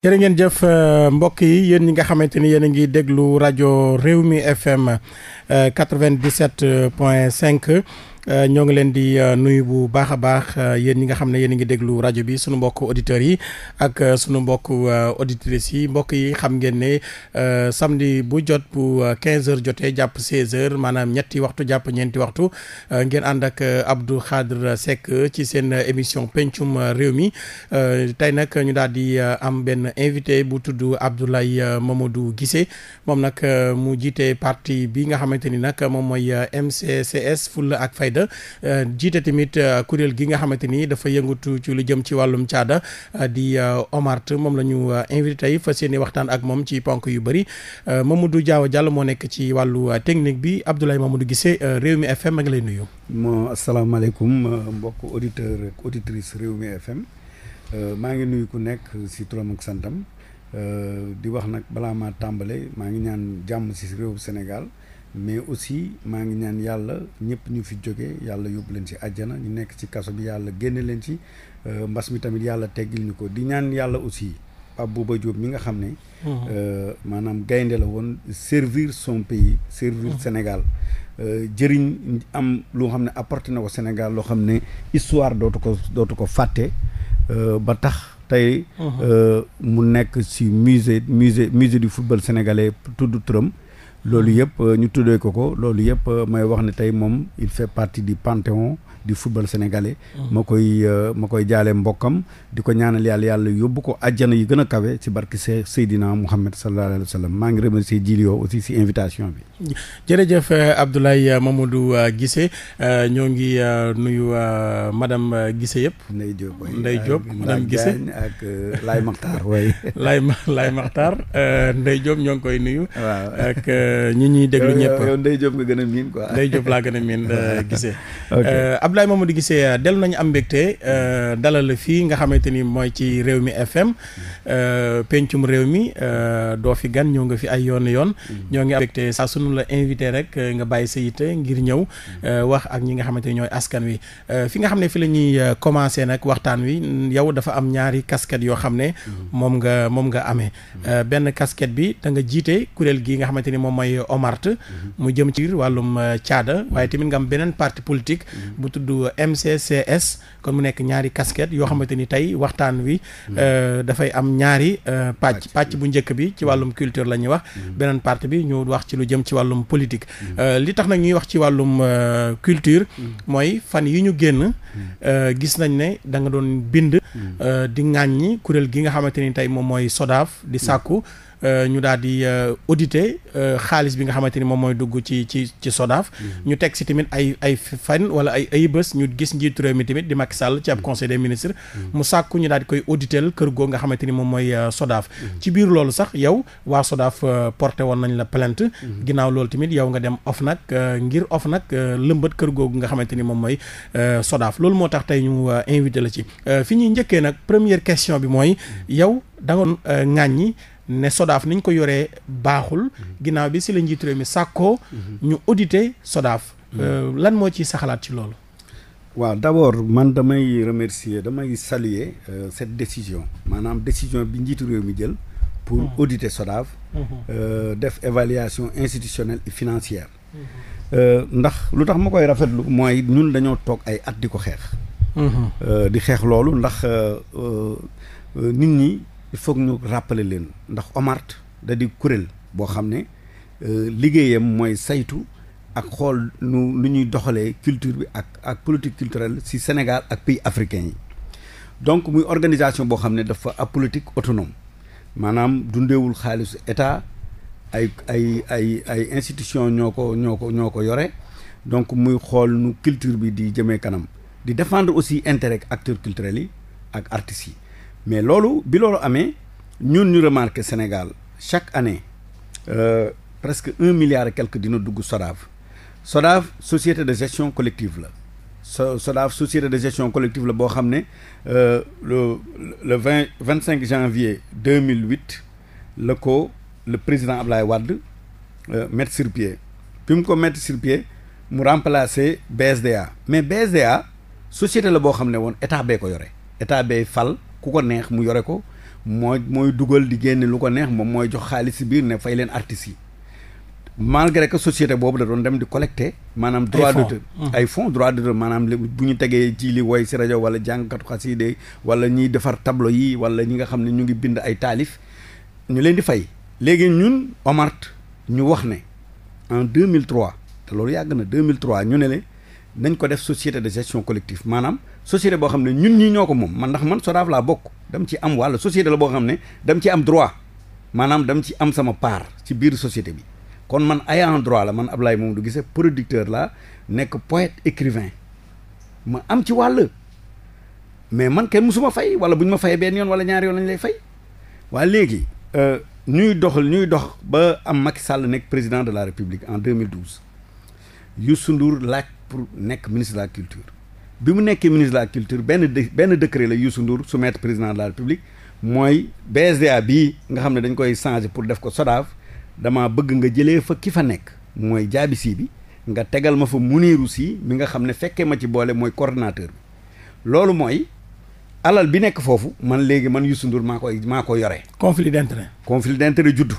jërë ngeen jëf euh, mbokk yi yéen ñi nga xamante ni yéen a ngi déglu rajo mi FM 97 point 5 Euh, ñoo ngi leen di euh, nuyu bu baax a baax euh, yéen ñi nga xam ne yéen a ngi déglu rajo bi suñu mbokk auditeurs yi ak sunu mbokk auditrices yi mbokk yi xam ngeen ne samedi bu jot bu 15 heures jotee jàpp 16 heures maanaam ñetti waxtu jàpp ñeenti waxtu ngeen ànd ak Abdou Khadre Seck ci seen émission pencum réew mi tey nag ñu daal di am benn invité bu tudd Abdoulaye Mamadou Guissé moom nag mu jiite parti bi nga xamante ni nag moom mooy MCCS Fulla ak Fayda caada euh, jiite tamit euh, kuréel gi nga xamante ni dafa yëngatu ci lu jëm ci wàllum caada euh, di Omart moom la ñu invité tey fas yéene waxtaan ak moom ci ponk yu bëri Mamadou Diaw Diallo moo nekk ci wàllu technique bi Abdoulaye Mamadou Guissé Rewmi FM ma ngi lay nuyu. moo asalaamaaleykum mbokk auditeur ak auditrice Rewmi FM maa ngi nuyu ku nekk si turam ak santam di wax nag balaa ma tàmbale maa ngi ñaan jàmm si réewu Sénégal. mais aussi maa ngi ñaan yàlla ñëpp ñu fi jóge yàlla yóbbu leen ci àjjana ñu nekk ci kaso bi yàlla génne leen ci euh, mbas mi tamit yàlla teggil ñu ko di ñaan yàlla aussi Pape Bouba Diop mi nga xam ne mhm. euh, maanaam gaynde la woon servir son pays servir mhm. Sénégal euh, jëriñ am loo xam ne apporté na ko Sénégal loo xam ne histoire dootu ko dootu ko fàtte ba tax tey mhm. mu nekk ci musée musée musée du football sénégalais tudd turam loolu yëpp euh, ñu tuddee ko ko loolu yëpp euh, may wax ne tey moom il fait partie du panthéon di football sénégalais. Mm. ma koy euh, ma koy jaale mbokkam di ko ñaanal yàlla yàlla yóbbu ko àjjana yi gën a kawe ci barki se Seydina Mouhamed sallallahu alayhi wa sallam maa ngi remercier Djilio aussi ci invitation bi. jërëjëf euh, Abdoulaye euh, Mamadou Guissé ñoo ngi nuyu madame Guissé yëpp. Ndeye Diop Ndeye Diop madame Guissé ak Laye Makhtar waay. Laye Laye Makhtar Ndeye Diop ñoo ngi koy nuyu. waaw ak ñi ñuy déglu ñëpp. yow Ndeye nga gën a miin quoi. Ndeye laa gën a miin Guissé. Abdoulaye Mamadou gisee euh, dellu nañu am mbégte euh, dalal la fii nga xamante ni mooy ci réew mi FM euh, pencum réew mi doo fi gan ñëw nga fi ay yoon yoon ñoo ngi am mbégte saa sunu la invité rek nga bàyyi sa yite ngir ñëw wax ak ñi nga xamante ni ñooy askan wi fi nga xam ne fi la ñuy commencé nag waxtaan wi yow dafa am ñaari casquette yoo xam ne moom nga moom nga ame benn casquette bi te nga jiite kuréel gi nga xamante ni moom mooy OMART mu jëm ci wàllum caada waaye tudd euh, MCCS kon mu nekk ñaari casquette yoo xamante ni tey waxtaan wi mm-hmm. euh, dafay am ñaari euh, pàcc pàcc bu njëkk bi ci wàllum culture la ñuy wax mm-hmm. beneen partie bi ñu wax ci lu jëm ci wàllum politique mm-hmm. li tax nag ñuy wax ci wàllum culture mooy fan yi ñu génn gis nañ ne danga doon bind di ŋàññi kuréel gi nga xamante ni tey moom mooy SODAV di sàkku Euh, ñu daal di euh, auditer euh, xaalis bi nga xamante ni moom mooy dugg ci ci ci SODAV. Mm-hmm. ñu teg si tamit ay ay fan wala ay ay bés ñu gis njiitu réew mi tamit di Macky sàll ci ab mm-hmm. conseil des ministres. Mm-hmm. mu sàkku ñu daal di koy auditer kër goo nga xamante ni moom mooy SODAV. ci biir loolu sax yow waa SODAV porté woon nañ la plainte. ginnaaw loolu tamit yow nga dem OFNAC ngir OFNAC lëmbat kër googu nga xamante ni moom mooy SODAV loolu moo tax tey ñu invité la ci fi ñuy njëkkee nag première question bi mooy yow da nga ŋàññi ne SODAV niñ ko yoree baaxul mhm. ginnaaw bi si la njiitu réew mi sàkkoo mhm. ñu auditer SODAV mhm. euh, lan moo ci saxalaat ci loolu waaw d'abord man damay remercier damay saluer euh, cette décision maanaam décision bi njiitu réew mi jël pour mmh. auditer euh, def évaluation institutionnelle et financière euh, ndax lu tax ma koy rafet rafetlu mooy ñun dañoo toog ay at di ko xeex di xeex loolu ndax nit ñi il faut ñu rappeler leen ndax OMART da di kuréel boo xam ne euh, liggéeyam mooy saytu ak xool nu nu ñuy doxalee culture bi ak ak politique culturelle ci Sénégal ak pays africain yi donc muy organisation boo xam ne dafa ab politique autonome maanaam dundeewul xaalisu état ay ay ay ay institution ñoo ko ñoo ko ñoo ko yore donc muy xool nu culture bi di jëmee kanam di défendre aussi intérêt acteur culturels yi ak artistes yi mais loolu bi loolu amee ñun ñu remarqué Sénégal chaque année euh, presque un milliard et quelque dina dugg SODAV SODAV société de gestion collective la so SODAV société de gestion collective la boo xam ne euh, le le vingt vingt cinq janvier deux mille huit la ko le président Ablaye Wade euh, mettre sur bi mu ko mettre sur mu remplacer BSDA mais BSDA société la boo xam ne woon état bee ko yore état bee fal. ku ko neex mu yore ko mooy mooy dugal di génne lu ko neex moom mooy jox xaalis si biir ne fay leen artistes yi malgré que société boobu da doon dem di collecter maanaam droit d'auteur mm. ay fonds droit d'auteur maanaam bu ñu tegee ci li woy si rajo wala jàngkatu xaside wala ñuy defar tableau yi wala ñi nga xam ne ñu ngi bind ay taalif ñu leen di fay léegi ñun Omart ñu wax ne en 2003 te loolu yàgg na 2003 ñu ne le nañ ko def société de gestion collective maanaam société boo xam ne ñun ñii ñoo ko moom man ndax man SODAV laa bokk dam ci am wàll société la boo xam ne dam ci am droit maanaam dam ci am sama part ci biir société bi kon man ayant droit la man moom Mamadou Guissé producteur la nekk poète écrivain ma am ci wàll mais man kenn musuma fay wala bu ñu ma fayee benn yoon wala ñaari yoon lañu lay fay waa léegi euh, ñuy doxal ñuy dox ba am Macky Sall nekk président de la République en 2012 Youssou Ndour laaj pour nekk ministre da culture bi mu nekkee ministre de la culture benn benn décret la Youssou Ndour soumettre président de la République mooy BSDA bii nga xam ne dañ koy changer pour def ko SODAV dama bëgg nga jëlee fa ki fa nekk mooy jaabi bi nga tegal ma fa Mounirou si mi nga xam ne fekkee ma ci boole mooy coordonnateur bi loolu mooy alal bi nekk foofu man léegi man Youssou Ndour maa koy maa ko yore. conflit d'intérêt. conflit d'intérêt juddu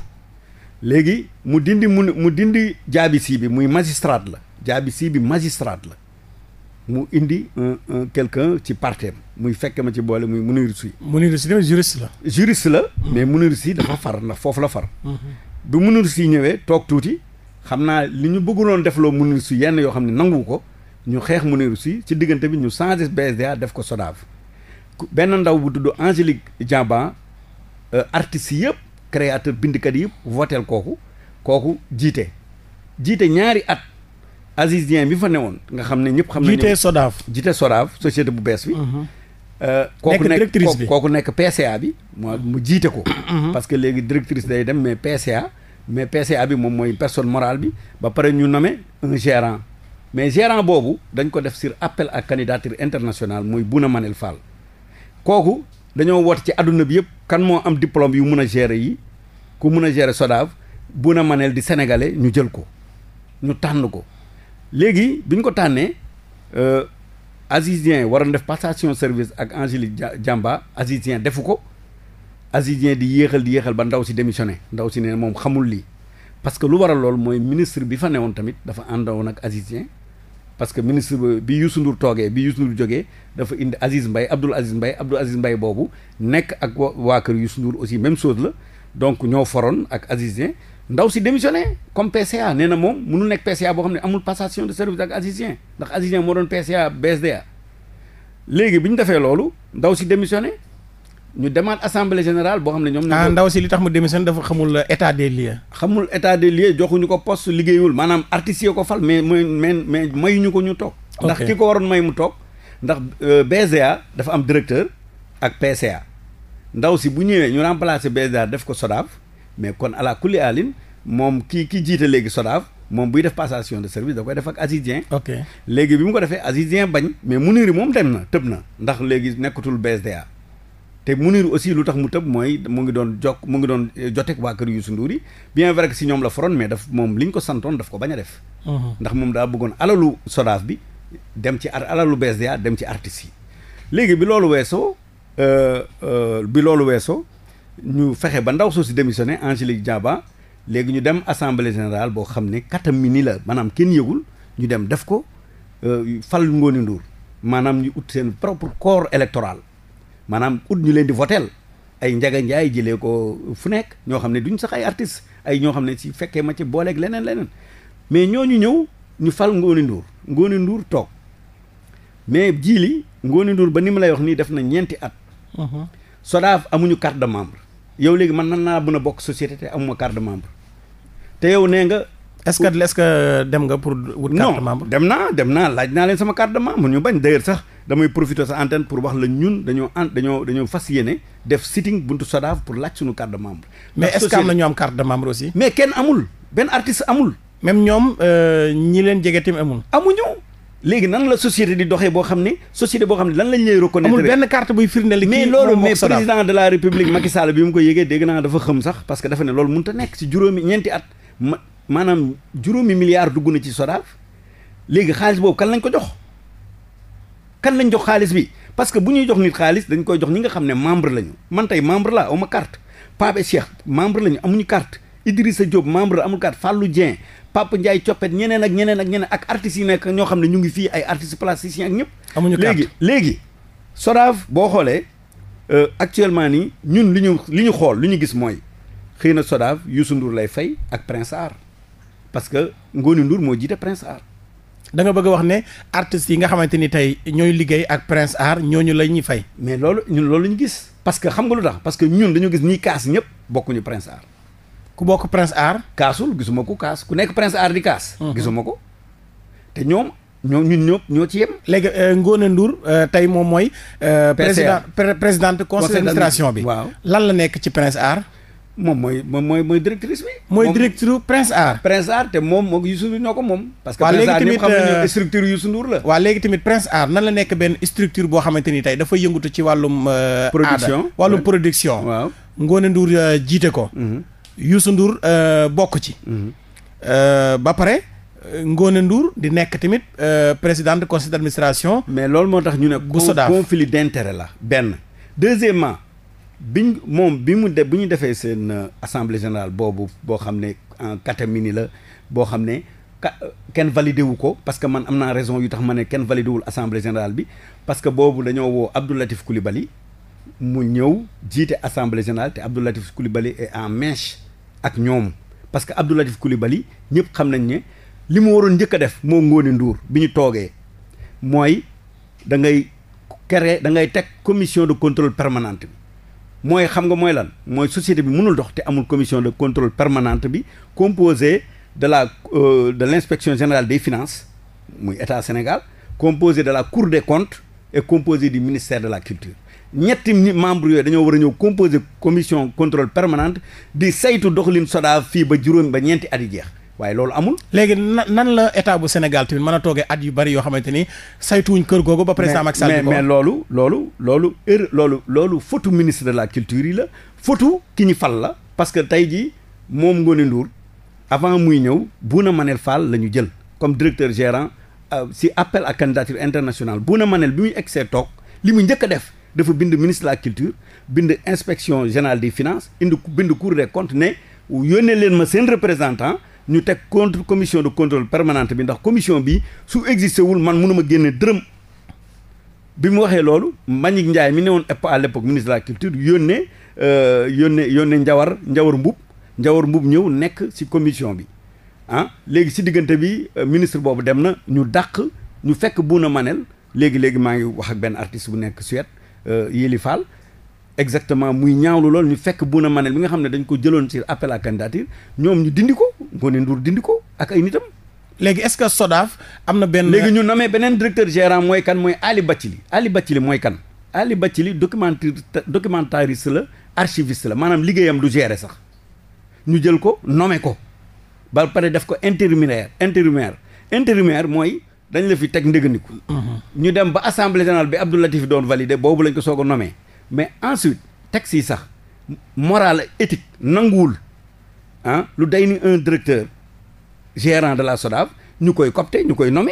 léegi mu dindi mu mu dindi jaabi bi muy magistrat la jaabi si bi magistrat la mu indi un quelque quelqu'un ci parteem muy fekk ma ci boole muy Mounirou Sy. Mounirou Sy tamit juriste la. juriste la. mais Mounirou si dafa far ndax foofu la far. Mhm. bu Mounirou Sy ñëwee toog tuuti xam naa li ñu bëgguloon def loo Mounirou Sy yenn yoo xam ne nangu ko ñu xeex Mounirou Sy ci diggante bi ñu changé BSDA def ko SODAV benn ndaw bu tudd Angélique Diaban euh, artistes yëpp créateur bindkat yëpp voteel kooku kooku jiite jiite ñaari at. Aziz Dieng bi fa ne woon nga xam ne ñëpp xam nañu jiite Sodav jite Sodav société bu bees bi kooku mhm. euh, nekk kooku nekk PCA bi moo mu jiite ko mhm. parce que léegi directrice day dem mais PCA mais PCA bi moom mooy personne morale bi ba pare ñu nommé un gérant mais gerant boobu dañ ko def sur appel à candidature internationale mooy Bouna Manel Fall kooku dañoo woote ci àdduna bi yëpp kan moo am diplôme yu mun a gérer yi ku mun a gérer Sodav Bouna Manel di sénégalais ñu jël ko ñu tànn ko léegi bi ñu ko tànnee euh, Aziz Dieng waroon def passation service ak Angélique Diamba Aziz Dieng defu ko Aziz di yéexal di yéexal ba ndaw si démissionné ndaw si ne moom xamul lii parce que lu waral lool mooy ministre bi fa newoon tamit dafa àndoon ak Aziz Dieng que ministre bi Youssou Ndour toogee bi Youssou Ndour jógee dafa indi Aziz mbay Abdoul Aziz mbay Abdoul Aziz mbay boobu nekk ak waa kër Youssou Ndour aussi même chose la donc ñoo foroon ak Aziz ndaw si démissionné comme PCA nee na moom munu nekk PCA boo xam ne amul passation de service ak assisien ndax assisien moo doon PCA BSDA léegi bi ñu defee loolu ndaw si démissionné ñu demaat assemblée général boo xam ne ñoom. ah ndaw si li tax mu démissionné dafa xamul euh, état des lieux. xamul état des lieux joxuñu ko post liggéeyul maanaam artistes yoo ko fal mais mais mais mayuñu ko ñu toog. ndax ki ko waroon may mu toog ndax euh, BSDA dafa am directeur ak ndaw si bu ñëwee ñu remplacer BSDA def ko SODAV. mais kon ala kulli alin moom kii ki jiite léegi SODAV moom buy def passation de service da koy def ak Aziz Dieng ok léegi bi mu ko defee Aziz Dieng bañ mais Mounirou moom dem na tëb na ndax léegi nekkatul BSDA te mu Mounirou aussi lu tax mu tëb mooy mu ngi doon jokk mu ngi doon eh, joteek waa kër Youssou Ndour yi bien vrai si ñoom la foroon mais daf moom li ñu ko santoon daf ko bañ a def ndax moom daa bëggoon alalu SODAV bi dem ci ar alalu BSDA dem ci artistes yi léegi bi loolu weesoo euh, euh, bi loolu weesoo ñu fexe ba ndaw soo si démissionné Angélique Diaba léegi ñu dem assemblée générale boo xam ne katam mi ni la maanaam kenn yëgul ñu dem def ko euh, fal Ngoné nduur maanaam ñu ut seen propre corps électoral maanaam ut ñu leen di votel ay Ndiaga Ndiaye jëlee ko fu nekk ñoo xam ne duñ sax ay artistes ay ñoo xam ne si fekkee ma ci booleek leneen leneen mais ñoo ñu ñëw ñu fal Ngoné nduur Ngoné nduur toog mais jii li Ngoné Ndour ba ni ma lay wax nii def na ñeenti at. Uh-huh. SODAV amuñu carte de membre. yow léegi man nan naa mën a bokk société te amuma carte membre te yow nee nga. est-ce que est-ce dem nga pour. wut carte membre dem naa dem naa laaj naa leen sama carte de membre ñu bañ d'ailleurs sax damay profiter sa antenne pour wax la ñun dañoo an dañoo dañoo fas yéene def sitting buntu SODAV pour laaj suñu carte de membre. mais est-ce am na ñu am carte de membre aussi. mais kenn amul benn artiste amul. même ñoom euh, ñi leen jege tamit amul. amuñu. léegi nan la société di doxee boo xam ne société boo xam ne lan lañ lay reconnaître amul benn carte buy firndeel mais loolu mais président de la république Macky Sall bi mu ko yégee dégg naa dafa xëm sax parce que dafa ne loolu mënta nekk si juróomi ñeenti at ma maanaam juróomi milliards dugg na ci SODAV léegi xaalis boobu kan lañ ko jox kan lañu jox xaalis bi parce que bu ñuy jox nit xaalis dañ koy jox ñi nga xam ne membre lañu man tey membre laa aw ma carte Pape Cheikh membre amuñu carte Idrissa Diop membre amul kat Fallou Dieng Pape Ndiaye coppet ñeneen ak ñeneen ak ñeneen ak artistes yi nekk ñoo xam ne ñu ngi fii ay artistes plasticiens ak ñëpp. léegi léegi. boo xoolee euh, actuellement nii ñun li ñu li ñu xool li ñu gis mooy xëy na SODAV Youssou Ndour lay fay ak Prince Art parce que Ngoni Ndour moo jiite Prince Art. da nga bëgg wax ne artistes yi nga xamante ni tey ñooy liggéey ak Prince Art ñooñu la ñuy fay. mais loolu ñun loolu la ñu gis parce que xam nga lu tax parce que ñun dañu gis ñiy kaas ñëpp bokkuñu Prince ku bokk prince art kaasul gisuma ko kaas ku nekk prince art di kaas. Uh-huh. gisuma ko te ñoom ñoo ñun ñëpp ñoo ci yem. léegi euh, Ngone Ndour euh, tey moom mooy. Euh, président présidente conseil d'administration bi. waaw lan la nekk ci prince art. moom mooy moom mooy mooy directrice bi. mooy directeur Prince Art. Prince Art te moom moom Youssou Ndour ñoo ko moom. parce que Prince Art xam nañu structure Youssou la. waaw léegi tamit Prince Art nan la nekk benn structure boo xamante ni tey dafa yëngatu ci wàllum. production wàllum production. waaw Ngone jiite ko. Mm-hmm. Youssou Ndour euh, bokk ci. Mhm. Euh, ba pare. Ngone Ndour di nekk tamit euh, présidente conseil d'administration. mais loolu moo tax ñu ne. bu Sodaaf conflit d'intérêt la benn. deuxièmement biñ moom bi mu def bi ñu defee seen assemblée générale boobu boo xam ne en catimini la boo xam ne kenn validé wu ko parce que man am naa raison yu tax ma ne kenn validé wul assemblée générale bi parce que boobu dañoo woo Abdou Latif Coulibaly mu ñëw jiite assemblée générale te Abdou Latif Coulibaly est en mèche ak ñoom parce que Abdou Latif Coulibaly ñëpp xam nañ ne li mu warul njëkk a def moo Ngóone nduur bi ñu toogee mooy da ngay créer da ngay teg commission de contrôle permanente bi mooy xam nga mooy lan mooy société bi munul dox te amul commission de contrôle permanente bi composée de la euh, de l' inspection général des finance muy état Sénégal composée de la cour des comptes et composer du ministère de la culture ñetti membre yooyu dañoo war a ñëw composé commission contrôle permanente di saytu doxalin SODAV fii ba juróom ba ñeenti at yi jeex waaye loolu amul. léegi nan la état bu Sénégal tamit mën a toogee at yu bari yoo xamante ni saytuwuñ kër googu ba président Macky Sall. mais loolu loolu loolu loolu loolu fotu ministre de la culture yi la fotu ki ñu fal la. parce que tey jii moom Ngone Ndour avant muy ñëw Bouna Manel Fall la ñu jël comme directeur gérant euh, si appel à candidature internationale Bouna Manel bi muy egg see toog li mu njëkk a def. dafa bind ministre la culture bind inspection générale des finances indi bind cour des comptes leen ma seen représentant ñu teg contre commission de contrôle permanente bi ndax commission bi su existé wul man mënuma génne dërëm bi mu waxee loolu Mbagnick Ndiaye mi ne woon à l'époque ministre de la culture yónnee euh, yónnee yónnee Njawar Njawar Mbub Njawar Mbub ñëw nekk ci commission bi ah léegi ci diggante bi euh, ministre boobu dem na ñu dàq ñu fekk Bouna Manel léegi léegi maa ngi wax ak benn artiste bu nekk Suède Euh, Yéli Fall exactement muy ñaawlu lool ñu fekk Bouna Manel bi nga xam ne dañ ko jëloon ci appel à ñoom ñu dindi ko Ngoné Ndour dindi ko ak ay nitam. léegi est-ce que SODAV am na benn. léegi ñu nommé beneen directeur gérant mooy kan mooy Ali Bathily Ali Bathily mooy kan. Ali Bathily documentariste documentariste la archiviste la maanaam liggéeyam du gérer sax ñu jël ko nommé ko ba pare def ko intérimaire intérimaire intérimaire mooy. dañ la fi teg ndëgëniku mhm. ñu dem ba assemblée générale bi Abdou Latif doon validé boobu lañ ko soog a nommé mais ensuite texte yi sax morale éthique nanguwul ah lu day ni un directeur gérant de la SODAV ñu koy copté ñu koy nommé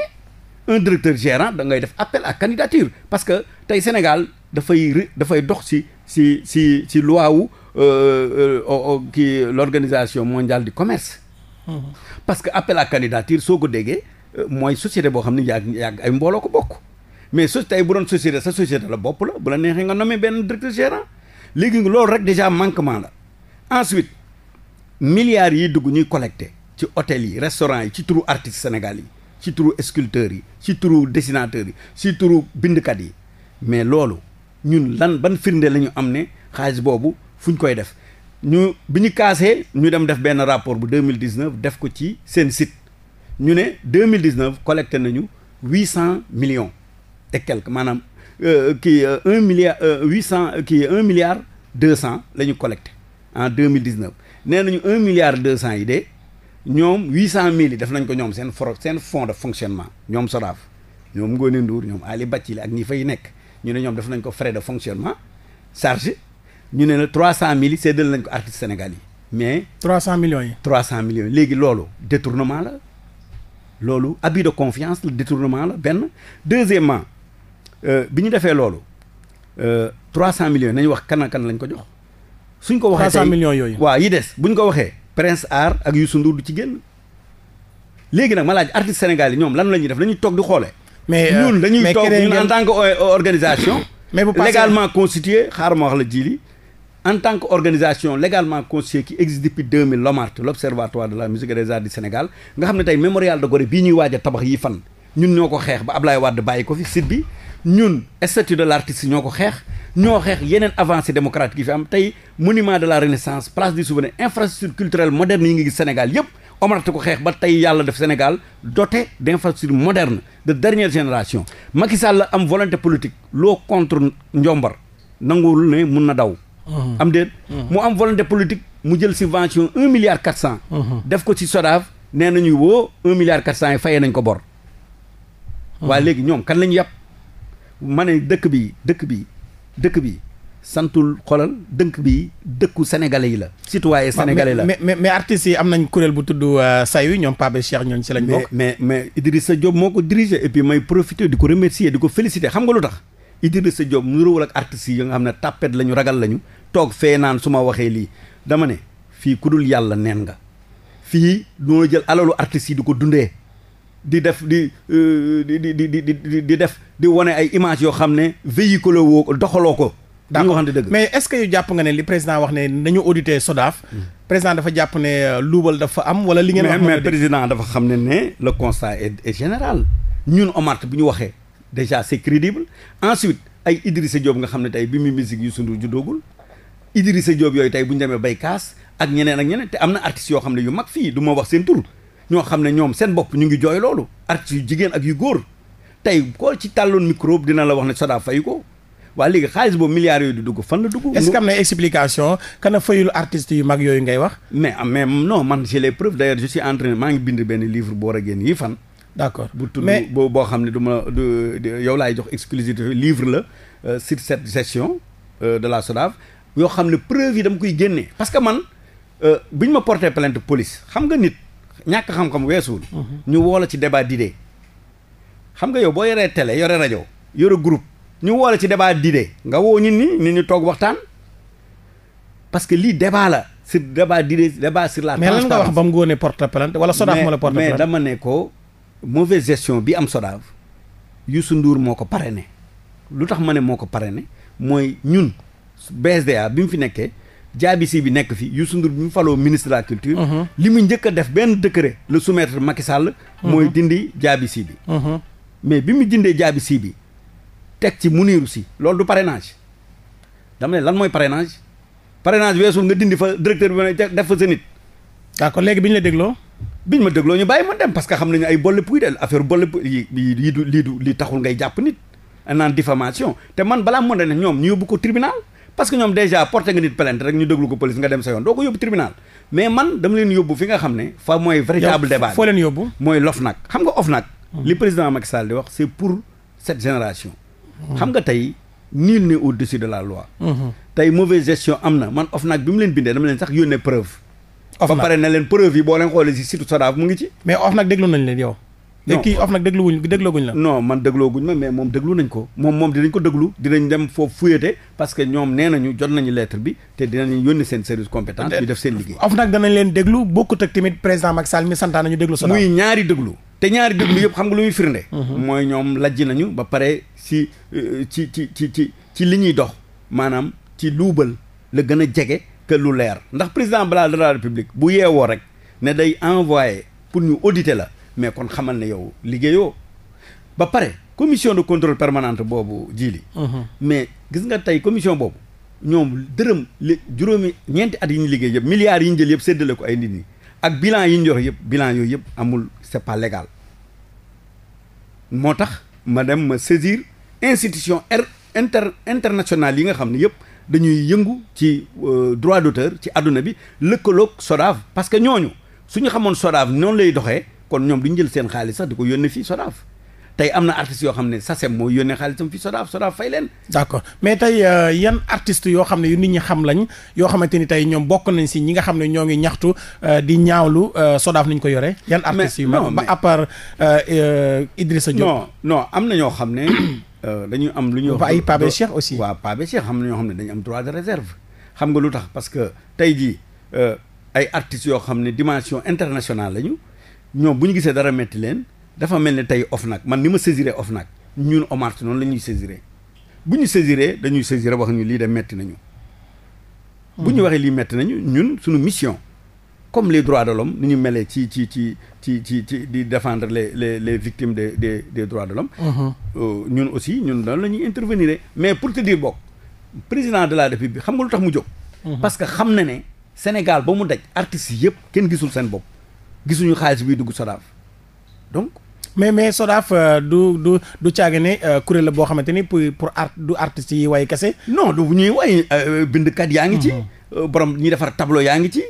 un directeur gérant da ngay def appel ak candidature parce que tey Sénégal dafay dafay dox si si ci si loi euh, euh, kii l'organisation mondiale di commerce. Mhm. parce que appel à candidature soo ko déggee. mooy société boo xam ne yàgg yàgg ay mbooloo ko bokk mais su tey bu doon société sa société la bopp la bu la neexee nga nommé benn directeur gérant léegi loolu rek déjà manquement la ensuite milliards yi dugg ñuy collecté ci hôtel yi restaurant yi ci turu artiste Sénégal yi ci turu sculpteurs yi ci turu dessinateurs yi ci turu bindkat yi mais loolu ñun lan ban firnde la ñu am ne xaalis boobu fu ñu koy def ñu bi ñu kaasee ñu dem def benn rapport bu deux mille dix neuf def ko ci seen site. ñu ne deux mille dix collecté nañu huit cent millions et quelque maanaam euh, kii euh, un milliard euh, huit cent kii un milliard deux cent la ñu collecté en deux mille dix neuf nee nañu un milliard deux cent yi de ñoom huit cent mille def nañ ko ñoom seen for seen fonds de fonctionnement ñoom Sodav ñoom Ngoné Ndour ñoom Ali Bathily ak ñi fay nekk ñu ne ñoom def nañ ko frais de fonctionnement chargé ñu ne la trois cent mille yi séddale nañ ko artistes sénégal yi mais. trois cent millions yi. trois cent millions léegi loolu détournement la. loolu abus de confiance le détournement la benn deuxièmement euh, bi ñu defee loolu euh, trois cent millions nañu wax kan kan lañ ko jox suñ ko waxee 300 millions yooyu waaw yi des buñ ko waxee Prince Art ak Youssou Ndour du ci génn léegi nag ma laaj artiste Sénégal yi ñoom lan la ñuy def dañuy toog di xoole mais euh, ñun dañuy toog ñun en tant que organisation mais légalement constitué xaaral ma wax la ji li en tant qu'organisation légalement constituée qui existe depuis 2000 l'OMART l'observatoire de la musique et des arts Sénégal nga xam ne tey mémorial de Gorée bii ñuy waaj a tabax yi fan ñun ñoo ko xeex ba Ablaye Wade bàyyi ko fi site bi ñun statut de l'artiste ñoo ko xeex ñoo xeex yeneen avancée démocratique yi fi am tey monument de la renaissance place du souvenir infrastructure culturelle moderne yi ngi gis Sénégal yëpp omarate ko xeex ba tey yàlla def Sénégal doté d'infrastructure moderne de dernière génération Macky Sall am volonté politique loo contre njombar nanguwul ne mun na daw am déet mu am volonté politique mu jël subvention un milliard quatre cent def ko ci SODAV nee nañu woo un milliard quatre cent yi fayee nañ ko bor waaye léegi ñoom kan lañu ñu yàpp ma ne dëkk bi dëkk bi dëkk bi santul xolal dëkk bi dëkku sénégalais yi la citoyen sénégalais la mais mais artistes yi am nañ kuréel bu tudd euh, sayu ñoom Pape Cheikh ñooñu si lañ bokk mais mais Idrissa Diop moo ko dirigé et puis may profité di ko remercier di ko féliciter xam nga lu tax Idrissa Diop mu nuróowul ak artistes yi nga xam ne tàppet la ñu ragal lañu toog fee naan su ma waxee lii dama ne fii ku dul yàlla neen nga fii doo jël alalu artistes yi di ko dundee di def di euh, di di di di di def di wane ay image yoo xam ne véhicule woo ko doxaloo ko daa nga waxante dëgg mais est-ce que yu jàpp nga ne li président wax ne nañu audité SODAV hmm. président dafa jàpp ne euh, luubal dafa am wala li ngeen wax mais président dafa xam ne ne le constat est général ñun OMART bu ñu waxee déjà c'est crédible ensuite ay Idrissa Diop nga xam ne tey bi mu musique yu Idrissa Diop yooyu tey bu ñu demee bay kaas ak ñeneen ak ñeneen te am na artistes yoo xam ne yu mag fii du ma wax seen tur ñoo xam ne ñoom seen bopp ñu ngi jooy loolu artistes yu jigéen ak yu góor tey koo ci tàlloon micro dina la wax ne sodaa fayu ko waa léegi xaalis boobu milliards yooyu di dugg fan la dugg. est-ce que am na explication kana fayul artistes yu mag yooyu ngay wax. mais ah, mais non man j'ai les preuves d'ailleurs je suis maa ngi bind benn livre boo war a génn yii fan. d'accord bu tudd boo xam ne du yow laay jox exclusivité livre la euh, sur cette gestion euh, de la SODAV yoo xam ne preuve yi dama koy génne parce que man euh, bu ñu ma porté plainte police xam nga nit ñàkk xam-xam weesuwul mhm. ñu woola ci débat d'idées xam nga yow boo yoree télé yore rajo yore groupe ñu woola ci débat d'idées nga woo nit ñi ñu ñi toog waxtaan parce que lii débat la sur débat d'idées débat sur la mais lan nga wax ba mu góonee porte plainte wala Sodav moo la porte plainte mais dama ne ko mauvaise gestion bi am Sodav su Ndour moo ko pare parrainé lu tax ma ne moo ko pare parrainé mooy ñun BSDA bi mu fi nekkee jaabisi bi nekk fi Youssou Ndour bi mu faloo ministre la culture. Mhm. li mu njëkk a def benn décret le soumettre Macky Sall. Mhm. mooy dindi jaabisi bi. Mhm. mais bi mu dindee jaabisi bi teg ci Mounirou si loolu du parrainage dama ne lan mooy parrainage parrainage weesul nga dindi fa directeur bi def fa sa nit. d'accord léegi bi ñu la dégloo. biñ ma dégloo ñu bàyyi ma dem parce que xam nañu ay bolle puy del affaire bolle lii du lii taxul ngay jàpp nit. naan diffamation te man balaa moo ne ñoom ñu yóbbu ko tribunal. parce que ñoom déjà porté nga nit plainte rek ñu déglu ko police nga dem sa yoon doo ko yóbbu tribunal mais man dama leen yóbbu fi nga xam ne fa mooy véritable débat foo leen yóbbu mooy l'OFNAC xam nga OFNAC hmm. li président Macky Sall di wax c'est pour cette génération hmm. xam nga tey nul n'est au-dessus de la hmm. tey mauvaise gestion am na man OFNAC bi mu leen bindee dama leen sax yónnee preuve ba pare ne leen preuve yi boo leen xoolee si non kii of nag dégluwuñ déglooguñ la. non man déglooguñ ma mais moom déglu nañ ko moom moom dinañ ko déglu dinañ dem foofu fuyate parce que ñoom nee nañu jot nañu lettre bi te dinañ yónni seen service compétent ñu def seen liggéey. of nag danañ leen déglu bokkut ak tamit président Macky Sall mi santaan nañu déglu. Sodaar muy ñaari déglu. te ñaari déglu yëpp xam nga lu muy firnde. Mhm. mooy ñoom lajj nañu ba pare si euh, ci ci ci ci ci li ñuy dox maanaam ci luubal la gën a jege que lu leer ndax président de la république bu yeewoo rek ne day envoyé pour ñu auditer la mais kon xamal ne yow liggéeyoo ba pare commission de contrôle permanente boobu jiili mhm. mais gis nga tey commission boobu ñoom dërëm li juróomi ñeenti at yi ñu liggéey yëpp milliards yi ñu jël yëpp séddale ko ay nit ñi ak bilan yi ñu joxe yëpp bilan yooyu yëpp amul c'est pas légal moo tax ma dem ma saisir institution r yi nga xam ne yëpp dañuy yëngu ci euh, droit d'auteur ci àdduna bi lëkkaloog SODAV parce que ñooñu suñu xamoon SODAV noonu lay doxee kon ñoom du ñu jël seen xaalis sax di ko yónnee fii SODAV tey am na artistes yoo xam ne SACEM moo yónnee xaalisam fii SODAV SODAV fay leen. d'accord mais tey euh, yan artistes yoo xam ne yu nit ñi xam lañ yoo xamante ni tey ñoom bokk nañ si ñi nga xam ne ñoo ngi ñaxtu euh, di ñaawlu euh, SODAV ni ñu ko yore. yan artistes yu ma ba à part euh, Idrissa Diop. non non am na ñoo xam ne dañu am lu ñuy wax. ay Pape Cheikh aussi. waaw Pape Cheikh xam na ñoo xam ne dañu am droit de réserve xam nga lu tax parce que tey jii ay artistes yoo xam ne dimension internationale lañu. ñoom bu ñu gisee dara metti leen dafa mel ne tey nag man ni ma saisiré nag ñun OMART noonu la ñuy saisiré bu ñu saisiré dañuy saisiré wax ñu lii de metti nañu. bu ñu waxee lii metti nañu ñun suñu mission. comme les droits de l'homme ni ñu melee ci ci ci ci ci ci di défendre les les les victimes de de de droits de l'homme mhm. euh, ñun mmh. aussi ñun noonu la ñuy intervenir mais pour te dire bokk président de la république xam nga lu tax mu jóg mhm. parce que xam ne ne Sénégal ba mu daj artistes yëpp kenn gisul seen bopp gisuñu xaalis biy dugg SODAV donc. mais mais SODAV euh, du du du caage ne euh, kuréel la boo xamante ni pour pour art du artistes yi way kese. non du ñuy way euh, euh, bindkat yaa ngi ci. Mhm. borom ñi defar tableau yaa ngi ci.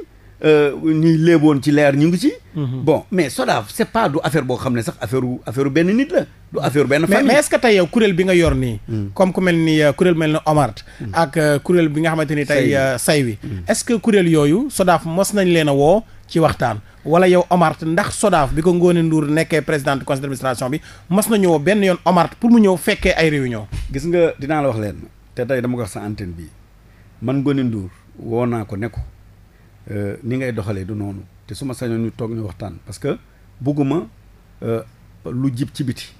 ñuy léeboon ci leer ñu ngi ci. Mhm. bon mais SODAV c' est pas affaire boo xam ne sax affaire u affaire benn nit la. du mhm. affaire benn famille mais est tey yow kuréel bi nga yor nii. comme ku mel ni kuréel mel ni Omart. ak kuréel bi nga xamante ni tey say wi est ce que kuréel yooyu SODAV mos nañ leen a woo. ci waxtaan wala yow Omart ndax Sodaaf bi ko ngoonee Ndour nekkee présidente conseil d'administration bi mas na ñëw benn yoon Omart pour mu ñëw fekkee ay réunion gis nga dinaa la wax leen te tey dama ko wax sa antenne bi man Ngone nduur woo naa ko ne ko euh, ni ngay doxalee du noonu te su ma sañoon ñu toog ñu waxtaan parce que bugguma euh, lu jib ci biti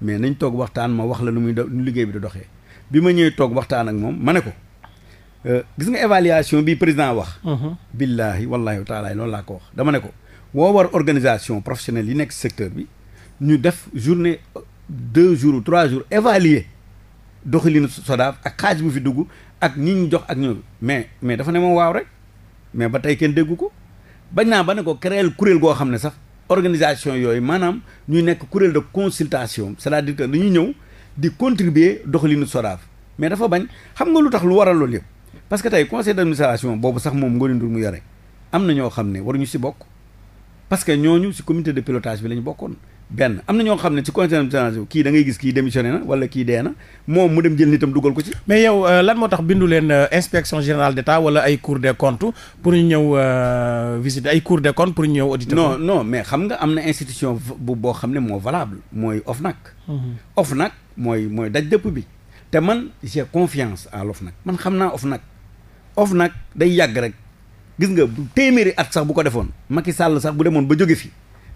mais nañ toog waxtaan ma wax la lu muy nu liggéey bi di doxee bi ma ñëwee toog waxtaan ak moom ma ne ko. Euh, gis nga évaluation bi président wax. Mhm. billaahi wallaahi taalaay loolu laa ko wax dama ne ko woo war organisation professionnelle yi nekk secteur bi ñu def journée deux jours trois jours évaluer doxalinu SODAV ak xaaj bu fi dugg ak ñi ñu jox ak ñoom mais mais dafa ne moom waaw rek mais ba tey kenn déggu ko bañ naa ba ne ko créel kuréel goo xam ne sax organisation yooyu maanaam ñuy nekk kuréel de consultation c'est-à-dire que dañuy ñëw di contribuer doxalinu SODAV mais dafa bañ xam nga lu tax lu waral loolu yëpp. parce que tey conseil d'administration boobu sax moom Ngor Ndour mu yore am na ñoo xam ne war ñu si bokk parce que ñooñu si comité de pilotage bi la ñu bokkoon benn am na ñoo xam ne ci conseil d'administration kii da ngay gis kii démissionné na wala kii dee na moom mu dem jël nitam dugal ko ci. mais yow euh, lan moo tax bindu leen euh, inspection générale d'État wala ay cour des comptes pour ñu ñëw euh, visite ay cour des pour ñu ñëw auditeur. non xam nga am na institution bu boo xam ne moo valable mooy nag OFNAC. Mhm. nag mooy mooy daj dëpp bi te man j'ai confiance à l'OFNAC man xam naa OFNAC. of nag day yàgg rek gis nga téeméeri at sax bu ko defoon Macky Sall sax bu demoon ba jóge fi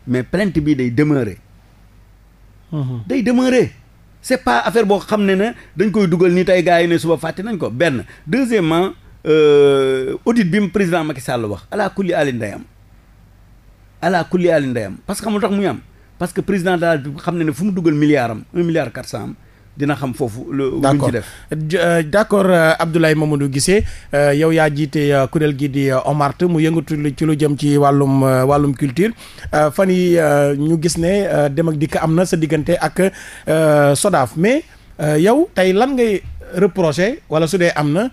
mais plainte bii day demeurer. Mhm. day demeurer. c'est pas affaire boo xam ne ne dañ koy dugal nii tey gars yi ne suba fàtte nañ ko benn deuxièmement euh, audit bi mu président Macky Sall wax ala kulli ali nday am alaa kulli ali nday am parce que xam tax muy am parce que président de la République xam ne ne fu mu dugal milliard am un milliard quatre cent am dina xam foofu lu luñ ci def euh, d' accord euh, Abdoulaye Mamadou Guissé euh, yow yaa jiite kuréel gi di OMART mu yëngatu ci lu jëm ci wàllum wàllum culture fan yi ñu gis ne dem ak dikk am na sa diggante ak SODAV mais yow tey lan ngay reproché wala su dee am na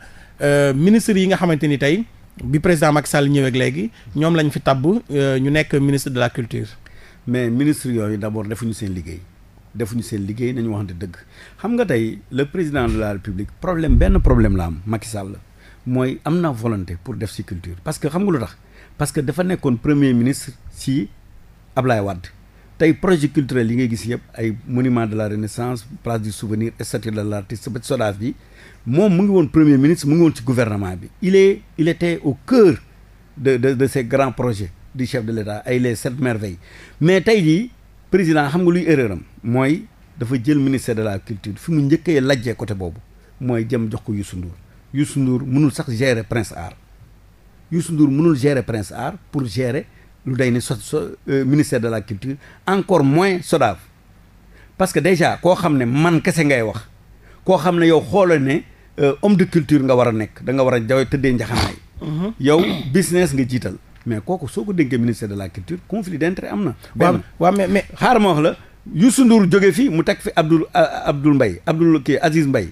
ministre yi nga xamante ni tey bi président Macky Sall ñëweeg léegi ñoom lañ fi tabb ñu nekk ministre de la culture mais ministre yooyu d' abord defuñu seen liggéey defuñu seen liggéey nañu waxante dëgg xam nga tey le président de la république problème benn problème la am Macky Sall mooy am na volonté pour def ci culture parce que xam nga lu tax parce que dafa nekkoon premier ministre ci Ablaye Wade tey projet culturel yi ngay gis yëpp ay monument de la renaissance place du souvenir statue de l'artiste ba SODAV bi moom mu ngi woon premier ministre mu ngi woon ci gouvernement bi il est il était au cœur de de de ces grands projets du chef de l'État ay les sept merveilles mais président xam nga luy erreur mooy dafa jël ministère de la culture fi mu njëkkee lajjee côté boobu mooy jëm jox ko Youssou Ndour Youssou Ndour mënul sax gérer Prince Art Youssou Ndour mënul gérer Prince Art pour gérer lu day ne so euh, ministère de la culture encore moins SODAV parce que déjà koo xam ne man kese ngay wax koo xam ne yow xoolal ne euh, homme de culture nga war a nekk da nga war a jawe tëddee njaxanaay mhm. yow business nga jiital mais kooku soo ko dénkee ministère de la culture conflit d'intérêt am na. benn waaw mais mais xaar ma wax la Youssou Ndour jóge fii mu teg fi Abdoul Abdoul Mbaye Abdoul kii Aziz mbay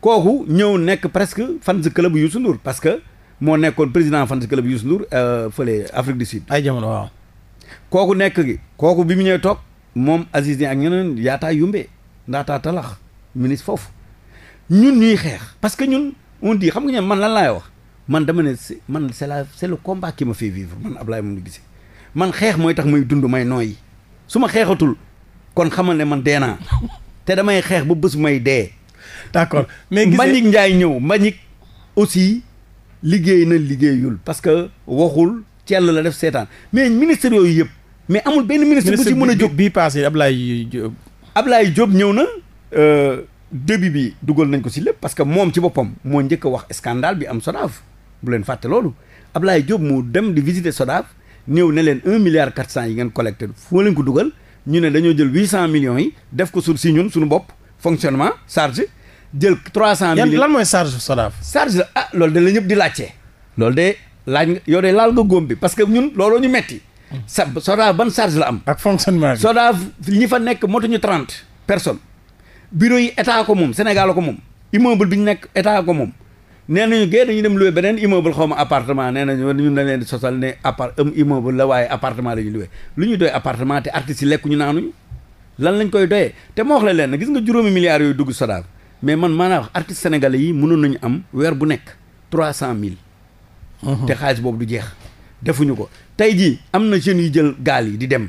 kooku ñëw nekk presque fan club bu Youssou parce que moo nekkoon président fan club bu Youssou Ndour euh, fële Afrique du Sud. ay jamono waaw. kooku nekk gi kooku bi mu ñëwee toog moom Aziz ni ak ñeneen yaataa yumbe ndaataa talax ministre foofu ñun ñuy xeex parce que ñun on dit xam nga ñoom man lan laay wax. man dama ne c'est man c'est la c'est le combat qui m'a fait vivre man Ablaye Mamadou Guissé man xeex mooy tax may dund may nooy su ma xeexatul kon xamal ne man dee naa te damay xeex ba bës may dee. d'accord mais Guissé Mbagnick Ndiaye ñëw Mbagnick aussi liggéey na liggéeyul parce que waxul cell la def seetaan mais ministère yooyu yëpp mais amul benn ministre bu ci mën a jóg bii passé Ablaye Diop. Ablaye Diop ñëw na. Euh, début bi dugal nañ ko si lépp parce que moom ci boppam moo njëkk wax scandale bi am SODAV. bu leen fàtte loolu Ablaye Diop mu dem di visiter SODAV ñëw ne leen un milliard quatre cent yi ngeen collecté fu ma leen ko dugal ñu ne dañoo jël huit cent millions yi def ko sur si ñun suñu bopp fonctionnement charge jël trois cent millions lan mooy charge SODAV charge ah, loolu de ñëpp di laajte loolu laaj nga yow de laal nga góom bi parce que ñun looloo ñu metti sa SODAV ban charge la am. ak fonctionnement bi SODAV ñi fa nekk motuñu trente personnes bureau yi état ko moom Sénégal ko moom immeuble bi ñu nekk état ko moom nee nañu gée dañu dem loué beneen immeuble xaw ma appartement nee nañu ñun dañ leen di sosal ne appart am immeuble la waaye appartement la ñu loué lu ñuy doy appartement te artistes yi lekkuñu naanuñu lan lañ koy doyee te ma wax la leen gis nga juróomi milliards yooyu dugg Sodaar mais man maanaa wax artistes sénégalais yi mënoon nañu am weer bu nekk trois cent mille uh-huh. te xaalis boobu du jeex defuñu ko tey jii am na jeunes yu jël gaal yi di dem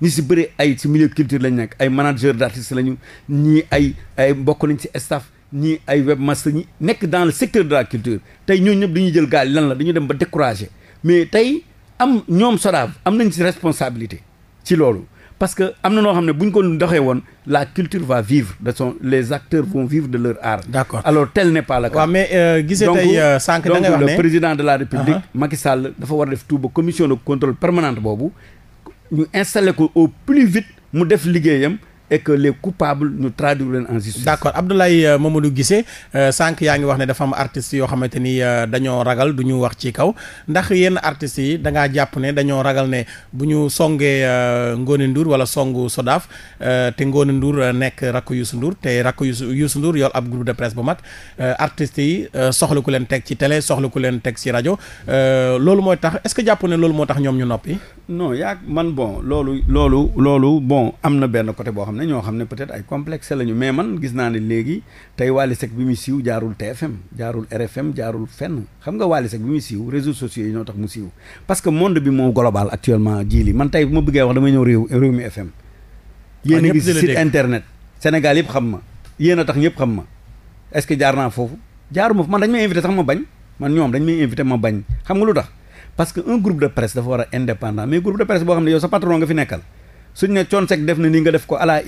ñi si bëri ay si milieu culture lañ nekk ay manager d' artiste lañu ñii ay ay bokk nañ si staff ñii ay webmaster ñi nekk dans le secteur de la culture tey ñoo ñëpp dañuy jël gaal lan la dañu dem ba découragé mais tey am ñoom Sodav am nañ ci responsabilité ci loolu parce que am na noo xam ne bu ñu ko doxee woon la culture va vivre de son les acteurs vont vivre de leur art. d'accord alors tel n'est pas le cas. waaw mais euh, gisee tey euh, sànq da nga wax ne donc le président de la république. Uh-huh. Macky dafa war a def tout ba commission de contrôle permanente boobu ñu installé ko au plus vite mu def liggéeyam. et coupable les coupables ñu traduire leen en justice. d' moom a Mamadou gisee euh, sànq yaa ngi wax ne dafa am artistes yoo xamante ni euh, dañoo ragal du ñu wax ci kaw ndax yenn artistes yi da jàpp ne dañoo ragal ne bu ñu songee euh, ngoone nduur wala songu Sodaaf te Ngone nduur nekk rakku Youssou Ndour te rakku Youssou Youssou Ndour yor ab groupe de presse bu mag artistes yi soxla ku leen teg ci tele soxla ku leen teg ci rajo loolu mooy tax est ce que jàpp ne loolu moo tax ñoom ñu noppi. non man bon loolu. loolu loolu bon am na benn côté boo xam ne na ñoo xam ne peut-être ay complexe lañu mais man gis naa ne léegi tey Wally Seck bi muy siiw jaarul TFM jaarul RFM jaarul fenn xam nga Wally Seck bi muy siiw réseaux sociaux yi ñoo tax mu siiw parce que monde bi moo global actuellement jii li man tey bu ma bëggee wax damay ñëw réew réew mi FM ah, yéen a ngi site internet Sénégal yëpp xam ma yéen a tax ñëpp xam ma est-ce que jaar naa foofu jaaruma man dañ may invité sax ma bañ man ñoom dañ may invité ma bañ xam nga lu tax parce que groupe de presse dafa war a indépendant mais groupe de presse boo xam ne yow sa patron nga fi nekkal suñ ne Thione Seck def na ni nga def ko à la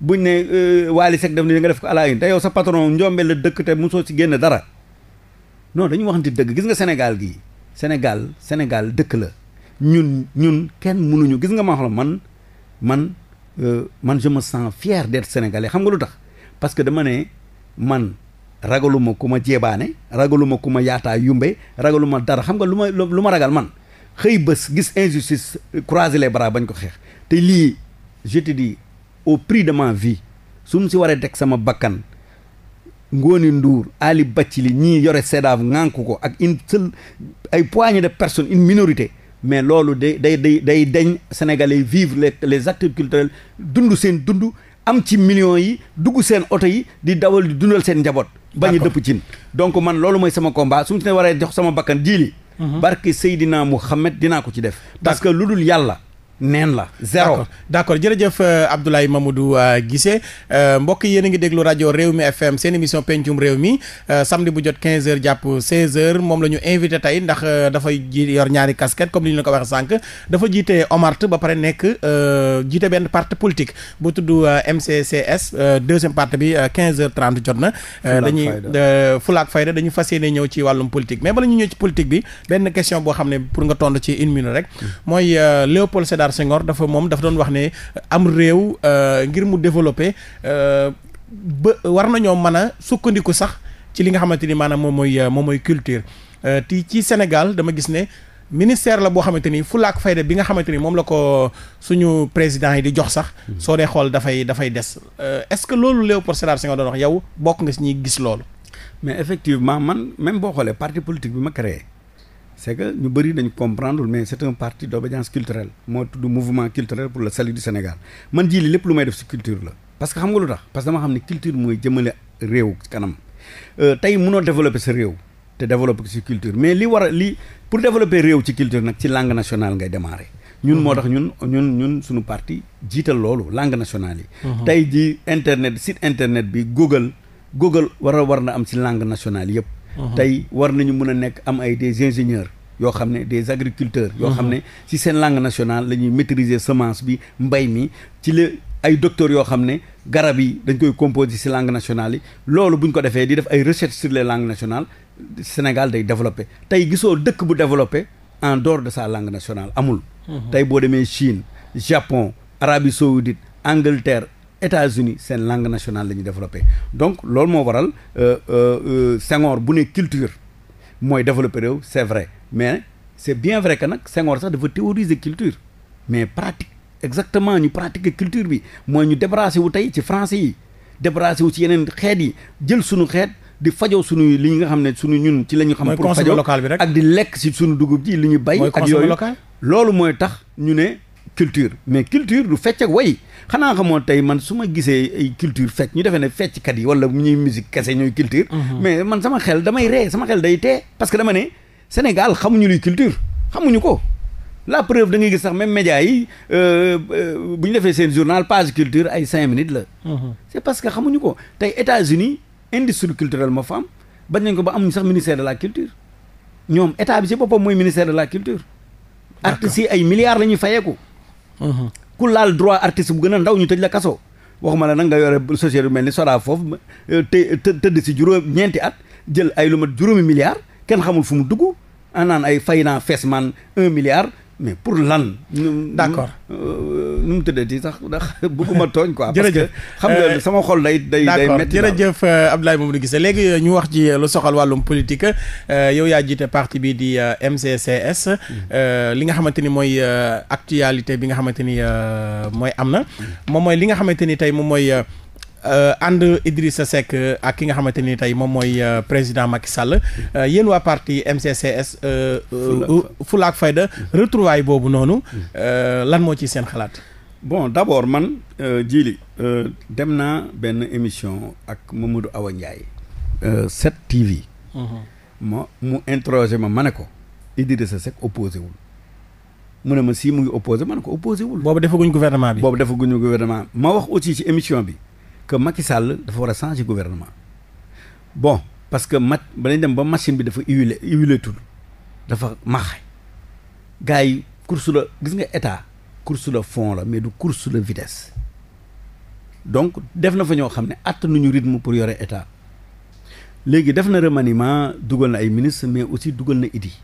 buñ ne euh, Wally Seck def na ni nga def ko à la te yow sa patron njombe la dëkk te mosoo ci génn dara non dañu waxante dëgg gis nga senegal gii Sénégal Sénégal dëkk la ñun ñun kenn mënuñu gis nga ma xool man man euh, man je me sens fier d'être xam nga lu tax parce que dama ne man ragaluma ku ma jeebaane ragaluma ku ma yaataa yumbe ragaluma dara xam nga lu ma lu ma ragal man xëy bés gis injustice croiser les bañ ko xeex te lii je te dis au prix de ma vie su mu si waree teg sama bakkan Ngoni nduur Ali Bathily ñii yore CEDAV ŋànk ko ak une seule ay poignée de personnes une minorité mais loolu day day day day dañ sénégalais vivre les les acteurs dundu seen dund am ci millions yi dugg seen oto yi di dawal di dundal seen njaboot. bañu dëpp cin donc man loolu mooy sama combat su mu si waree jox sama bakkan jiili. Mhm. barke Seydina Mouhamed dinaa ko ci def. parce que lu dul yàlla. neen la zéro d' accord jërëjëf euh, Abdoulaye Mamadou euh, Guissé euh, mbokk yéen a ngi déglu rajo réew mi FM seen émission pencum réew mi samedi bu jot 15h jàpp 16h moom la ñu invité tey ndax dafay ji yor ñaari casquette comme li ko waxee sànq dafa jiite OMART ba pare nekk jiite benn parti politique bu tudd MCCS deuxième parti bi 15 h jot na. dañuy fulaak fayda dañu fas yéene ñëw ci wàllum politique mais bala ñu ñëw ci politique bi benn question boo xam ne pour nga tontu ci une minute rek hmm. mooy Léopold Sédar Léopold Sédar dafa moom dafa doon wax ne am réew euh, ngir mu développer euh, ba war nañoo mën a sukkandiku sax ci li nga xamante ni maanaam moom mooy euh, moom mooy culture ti ci Sénégal dama gis ne ministère la boo xamante ni fulaak fayda bi nga xamante ni moom la ko suñu président yi di jox sax hmm. soo dee xool dafay dafay des est-ce que loolu Léopold Sédar Senghor doon wax yow bokk nga si ñuy gis loolu mais effectivement man même boo xoolee parti politique bi ma créé c' est que ñu bëri dañ comprendre mais c' est un parti d' obédience culturelle moo tudd mouvement culturel pour le salut du Sénégal man jii li lépp lu may def si culture la parce que xam nga lu tax parce que dama xam ne culture mooy jëmale réew kanam euh, tey mënoo développer sa réew te développer si culture mais li war li pour développer réew ci culture nag ci langue nationale ngay démarrer ñun moo tax ñun ñun ñun suñu parti jiital loolu langue nationale yi mhm. tey ji internet site internet bi google google war war na am ci langue nationale yëpp tey war nañu mun a nekk am ay des ingénieurs yoo xam ne des agriculteurs yoo xam ne mm-hmm. ci seen langue nationale la ñuy maîtriser semence bi mbay mi ci la ay docteurs yoo xam ne garab yi dañ koy composé ci langue nationale yi loolu buñ ko defee di def ay recherche sur les langues Sénégal day développé tey gisoo dëkk bu développé en dehors de sa langue nationale amul mm-hmm. tey boo demee Chine Japon Arabie Saoudite Angleterre États-Unis seen langue nationale la ñu développé donc loolu moo waral euh, euh, euh, Senghor bu ne culture mooy développé réew c' est vrai mais c' bien vrai que nag Senghor sax dafa théoriser culture mais pratique exactement ñu pratiquer culture bi mooy ñu débarrassé wu tey ci français yi débarrassé wu ci yeneen xeet yi jël suñu xeet di fajoo suñu li nga xam ne suñu ñun ci la ñu xam pour fajoo local bi rek ak di lekk si suñu dugub ji li ñu bay ak yooyu loolu mooy tax ñu ne culture mais culture du fecc ak xanaa xamoo tey man su ma gisee ay culture fecc ñu defee ne fecckat yi wala ñuy musique kese ñooy culture. Mhm. mais man sama xel damay ree sama day tee parce que dama ne Sénégal xamuñu luy culture xamuñu ko. la preuve da ngay gis sax même média yi euh, euh, bu ñu defee seen journal page culture ay cinq minutes la. Mhm. c'est parce que xamuñu ko tey États-Unis industrie culturelle moo am bañ nañ ko ba amuñu sax ministère de la culture ñoom état bi ci boppam mooy ministère de la culture. artistes yi ay milliards la ñuy fayeeku. Mhm. ku laal droit artiste bu gën a ndaw ñu tëj la kaso waxuma la nag nga yore société bu mel ni Soda foofu euh, te tëdd si juróom ñeenti at jël ay lu mat juróomi milliards kenn xamul fu mu dugg anaan ay fay naa fees man un milliard mais pour lan. d'accord nu mu euh, tëddati sax ndax bëgguma tooñ ko jërëjëf parce que xam nga euh, sama xol day day day métti. jërëjëf euh, Abdoulaye Mamadou Guissé léegi ñu wax ci lu soxal wàllum politique yow yaa jiite parti bii di MCCS. Mm-hmm. li nga xamante ni mooy actualité bi nga xamante ni mooy am na. Mm-hmm. moom mooy li nga xamante ni tey moom mooy. Euh, ànd Idrissa Seck euh, ak ki nga xamante ni tey moom mooy euh, président Macky Sall yéen waa parti MCCS. Fulaak Fayda mm-hmm. retrouvaille boobu noonu. Mm-hmm. lan moo ci seen xalaat. bon d' abord man Djily dem naa benn émission ak mu du awe Ndiaye. 7TV. Mm-hmm. ma mu interroger ma ma ne ko. Idrissa Seck opposé wul. mu ne ma sii mu ngi opposé ma ne ko opposé wul. boobu defaguñ gouvernement bi. boobu defaguñu gouvernement ma wax aussi ci émission bi. que Macky Sall dafa war a changer gouvernement bon parce que mat ba lañ dem ba machine bi dafa huilé huilé tul dafa max gars yi course la gis nga état course la fond la mais du course la vitesse donc def na fa ñoo xam ne attanuñu rythme pour yore état léegi def na remaniement dugal na ay ministre mais aussi dugal na idi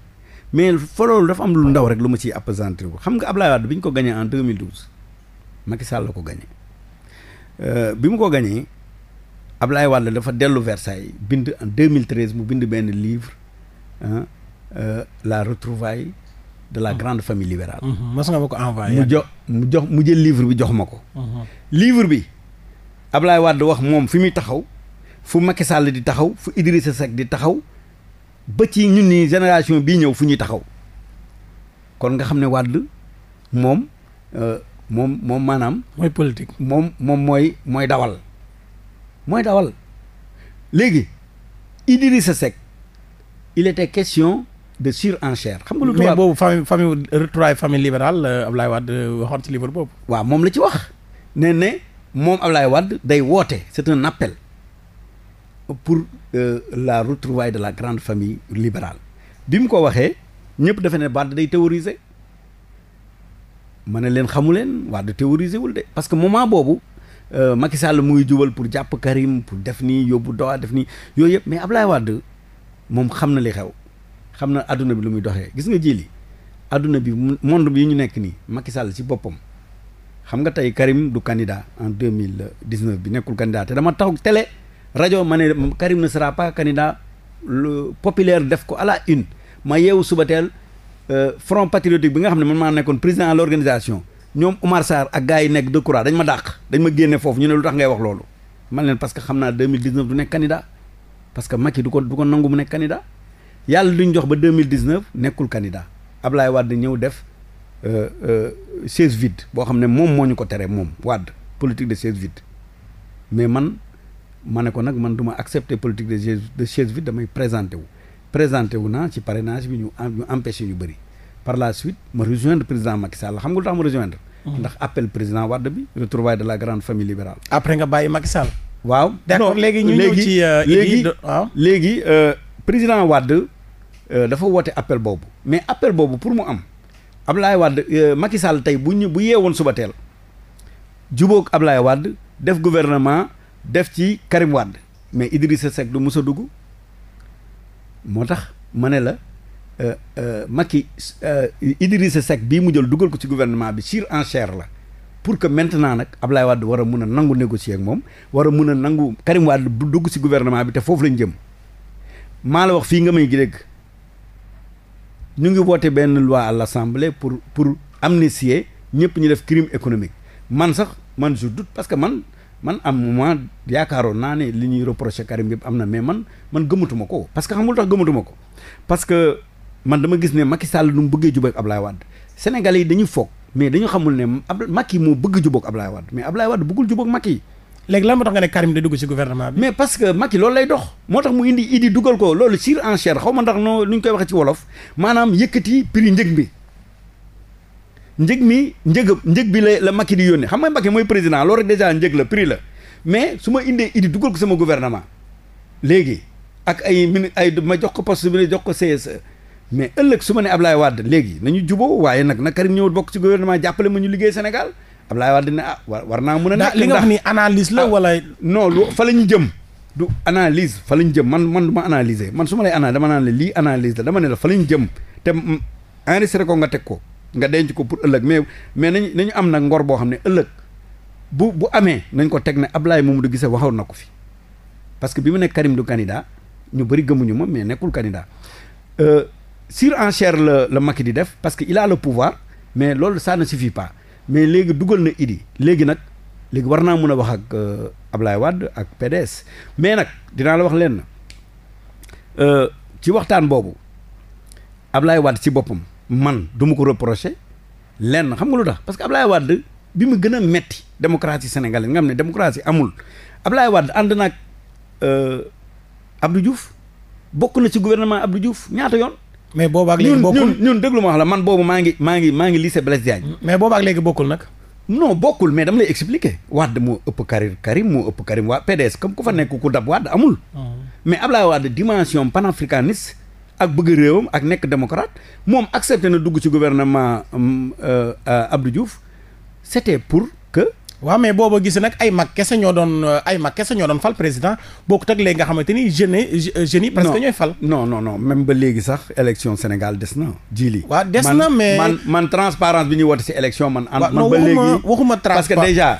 mais fa dafa am lu ndaw rek lu ma ci ciy appesantir xam nga Ablaye Wade bi ñu ko gañee en 2012 Macky Sall la ko gagné. Euh, bi mu ko gañee Ablaye Wade dafa dellu Versailles bind en 2013 mu bind benn livre ah la retrouvaille de la ah. grande famille libérale. Mm-hmm. mas nga ma ko envoyé. mu jox mu jël livre bi jox ma ko. Mm-hmm. livre bi Ablaye Wade wax moom fi muy taxaw fu Macky Sall di taxaw fu Idrissa Seck di taxaw ba ci ñun ni génération bi ñëw fu ñuy taxaw kon nga xam ne Wade moom. Euh, moom moom maanaam. mooy politique moom moom mooy mooy dawal. mooy dawal léegi Idrissa sec il était question de en surenchère. xam nga lu tubaab mais boobu famille famille retrouvailles famille libérale euh, Ablaye Wade euh, waxoon ci livre boobu. waaw moom la ci wax nee ne moom Ablaye Wade day woote c'est un appel pour euh, la retrouvaille de la grande famille libérale bi mu ko waxee ñëpp dafa ne Wade day théoriser. ma ne leen xamuleen leen waa de théoriser wul de parce que moment boobu euh, Macky Sall mu ngi jubal pour jàpp Karim pour def nii yóbbu dowa def nii yooyu yëpp mais Ablaye Wade moom xam na li xew xam na àdduna bi lu muy doxee gis nga jili àdduna bi monde bi ñu nekk nii Macky Sall ci boppam xam nga tey Karim du candidat en deux mille dix neuf bi nekkul candidat te dama taw tele rajo ma ne Karim ne sera pas candidat le populaire def ko à la une ma yeewu suba teel Euh, front patriotique bi nga xam ne man maa nekkoon président à l'organisation ñoom Omar Sarr ak gars yi nekk de Croix dañ ma dàq dañ ma génne foofu ñu ne lu tax ngay wax loolu man leen parce que xam naa 2019 du nekk candidat parce que Macky du ko du ko nangu mu nekk candidat yàlla duñ jox ba 2019 nekkul candidat Ablaye Wade ñëw def euh, euh, chaise vide boo xam ne moom moo ñu ko tere moom Wade politique de chaise vide mais man ma ne ko nag man du ma accepter politique de chaise de chaise vide présenté wu présenté wu naa ci parrainage bi ñu ñu empêché yu bëri par la suite ma rejoindre président Macky Sall xam nga lu tax ma rejoindre mm-hmm. ndax appel président Wade bi retrouvailles de la grande famille libérale après nga bàyyi Macky Sall waaw d'accord léegi ñu ñëw léegi euh, waaw léegi euh, président Wade euh, dafa woote appel boobu mais appel boobu pour mu am Ablaye Wade Macky Sall tey bu ñu bu yeewoon suba teel jubóog Ablaye wàdd def gouvernement def ci Karim Wade mais Idrissa Seck du mës a dugg moo tax ma ne la euh, euh, Macky euh, Idrissa sec bii mu jël dugal ko ci gouvernement bi sur enchère la pour que maintenant nag Ablaye Wade war a mun a nangu négocier ak moom war a mun a nangu Karim bu dugg ci gouvernement bi te foofu lañ jëm maa la wax fii nga may gi ñu ngi woote benn loi à l'Assemblée pour pour amnistier ñëpp ñu def crime économique man sax man je doute parce que man man am moment yaakaaroon naa ne li ñuy reproché Karim yëpp am na mais man man gëmatuma ko parce que xamul tax gëmatuma ko parce que man dama gis ne Macky Sall nu mu bëggee jubóog Ablaye Wade Sénégalais yi dañu foog mais dañu xamul ne ab Macky moo bëgg jubóog Ablaye Wade mais Ablaye Wade bëggul jubóog Macky. léegi lan moo tax nga ne Karim da dugg ci gouvernement bi. mais parce que Macky loolu lay dox moo tax mu indi idi dugal ko loolu sur enchère xaw ma ndax noo nu ñu koy waxee ci wolof maanaam yëkkati prix njëg bi. njëg mi njëg njëg bi la la Macky di yónnee xam nga Macky mooy président loolu rek déjà njëg la prix la mais su ma indee idée dugal ko sama gouvernement léegi ak ay mini ay ma jox ko poste bi jox ko CSE mais ëllëg su ma ne Ablaye Wade léegi nañu juboo waaye nag na Karim ñëw bokk ci gouvernement jàppale ma ñu liggéey Sénégal Ablaye Wade ne ah war naa mën a nekk li nga wax ni analyse la ah, wala. non fa la ñu jëm. du analyse fa la ñu jëm man man du ma analyser man su ma lay analyse dama naan la lii analyse dama ne la fa la ñu jëm te enregistré ko nga teg ko. nga denc ko pour ëllëg mais mais nañu nañu am nag ngor boo xam ne ëllëg bu bu amee nañ ko teg ne moom Mamadou Guissé waxoon na ko fi parce que bi mu nekk Karim du candidat ñu bëri gëmuñu ma mais nekkul candidat euh, sur enchère la la Macky di def parce que il a pouvoir mais loolu ça ne suffit pas mais léegi dugal na Idi léegi nag léegi war naa mun a wax ak euh, Ablaye Wade ak PDS mais nag dinaa la wax leen euh, ci waxtaan boobu Ablaye Wade ci boppam. man du ma ko reproché lenn xam nga lu tax parce que Ablaye Wade bi mu gën a metti démocratie sénégalaise nga xam ne démocratie amul Ablaye Wade ànd naag euh, Abdou Diouf bokk na ci gouvernement Abdou Diouf ñaata yoon. mais boobaak léegi bokkul ñun ñun déglu ma wax la man boobu maa ngi maa ngi maa ngi lycée Blaise Diagne. mais boobaak léegi bokkul nag. non bokkul dam dama lay expliquer. Wade moo ëpp Karim Karim moo ëpp Karim waa PDS comme ku fa nekk ku dab Wade amul. Ah. mais Ablaye Wade dimension panafricaniste. ak bëgg réewam ak nekk démocrate moom accepté na dugg ci gouvernement mm, euh, euh, Abdou Diouf c'était pour que. waaw mais booba gis nag ay mag kese ñoo doon euh, ay mag kese ñoo doon fal président bokkut ak léegi nga xamante ni jeunes jeunes yi. parce que ñooy fal. non non non même ba léegi sax élection Sénégal des na ji lii. waaw des na mais man man transparence bi ñuy woote si élection man. waaw man waxuma waxuma transparence parce que déjà.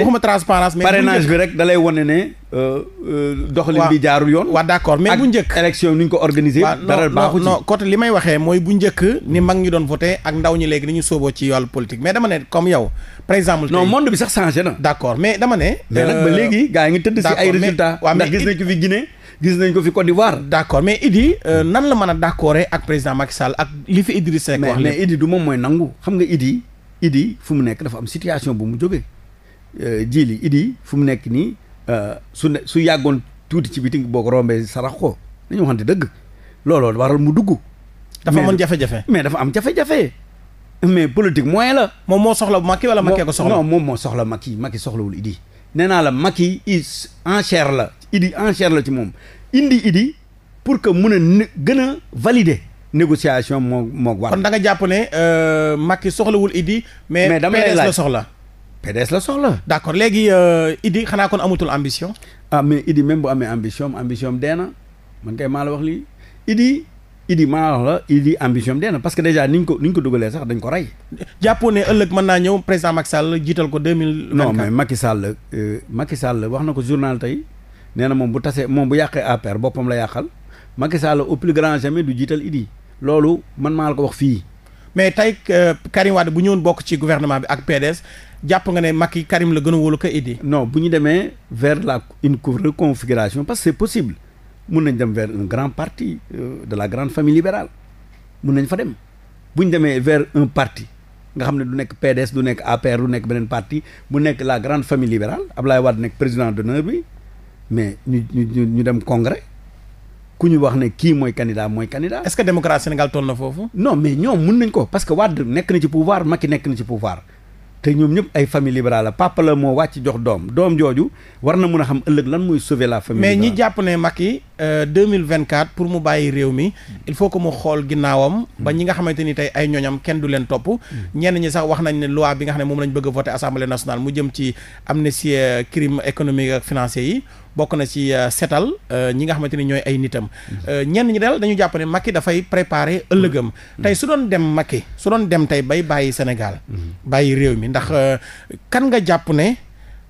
waxuma transparence élection bi bi rek da lay ne. Euh, euh, doxalin bi jaarul yoon. waaw d'accord mais bu njëkk élection ni ñu ko organiser. dara baaxu ci non li may waxee mooy bu njëkk. ni hmm. mag ñi doon voté ak ndaw ñi léegi ni ñu sooboo ci wàllu politique mais dama ne comme yow. par exemple non monde bi sax changé na. d'accord mais dama euh, léegi gaa ngi tëdd si ay résultats. waaw ndax gis nañ ko fi Guinée. gis nañ ko fi Côte d'Ivoire. d'accord mais Idi nan la mën a d'accord ak président Macky Sall ak li fi Idriss Seck wax mais Idi du moom mooy nangu xam nga Idi Idi fu mu nekk dafa am situation bu mu jógee. jii li Idi fu mu nekk nii Euh, su ne su yàggoon tuuti ci biti boo ko rombee sarax ko nañu waxante dëgg looloo waral mu dugg. dafa amoon jafe-jafe mais dafa am jafe-jafe. mais politique moyen la. moom moo soxla Macky wala Macky soxla. non moom moo soxla Macky Macky soxlawul Idi nee naa la Macky is en chair la Idi en chair la ci moom indi Idi pour que mun a ne gën a valider négociation moo moo war. kon da nga jàpp ne euh, Macky soxlawul Idi. mais mais dama la soxla. PDS la soxla. d' accord léegi euh, Idi xanaa kon amatul ambition. ah mais Idi même bu amee ambition ambition dee na man kay maa la wax lii Idi. idi maa la idi ambition dee na parce que déjà ni ñu ko ni ko dugalee sax dañ ko rey. jàppoo ne ëllëg mën naa ñëw président Macky Sall jiital ko deux mille vingt quatre non mais Macky Sall euh, wax na ko journal tey nee na moom bu tasee moom bu yàqee APR boppam la yàqal Macky Sall au plus grand jamais du jiital idi loolu man maa la ko wax fii. mais tey euh, bu ñëwoon bokk ci gouvernement bi ak PDS. jàpp nga ne yi Karim la gën a wóolu ko Idi no bu ñu demee vers la une reconfiguration parce que c'est possible mun nañ dem vers un grand parti euh, de la grande famille libérale mun nañ fa dem bu ñu demee vers un parti nga xam ne du nekk PDS du nekk APR du nekk beneen parti mu nekk la grande famille libérale Ablaye Wade nekk président d'honneur bi mais ñu ñu ñu dem congrès ku ñu wax ne kii mooy candidat mooy candidat. est-ce que démocratie Sénégal foofu. non mais ñoom mun nañ ko parce que Wade nekk na ci pouvoir Macky nekk na ci pouvoir. te ñoom ñëpp ay famille libérale la papa la moo wàcc jox doom doom jooju war na mun a xam ëllëg lan mooy sauver la famille. mais ñi jàpp ne Macky euh, deux mille vingt quatre pour mu bàyyi réew mi hmm. il faut que mu xool ginnaawam. ba hmm. ñi nga xamante ni tey ay ñoñam kenn du leen topp. Hmm. ñenn ñi sax wax nañ ne loi bi nga xam ne moom lañ bëgg a voté assemblée nationale mu jëm ci amnistie euh, crime économique ak financier yi. bokk na ci euh, setal euh, ñi nga xamante ni ñooy ay nitam euh, ñenn ñi dal dañu jàpp ne Macky dafay préparer ëllëgam tey su doon dem Macky su doon dem tey bay bàyyi Sénégal bàyyi réew mi ndax kan nga jàpp ne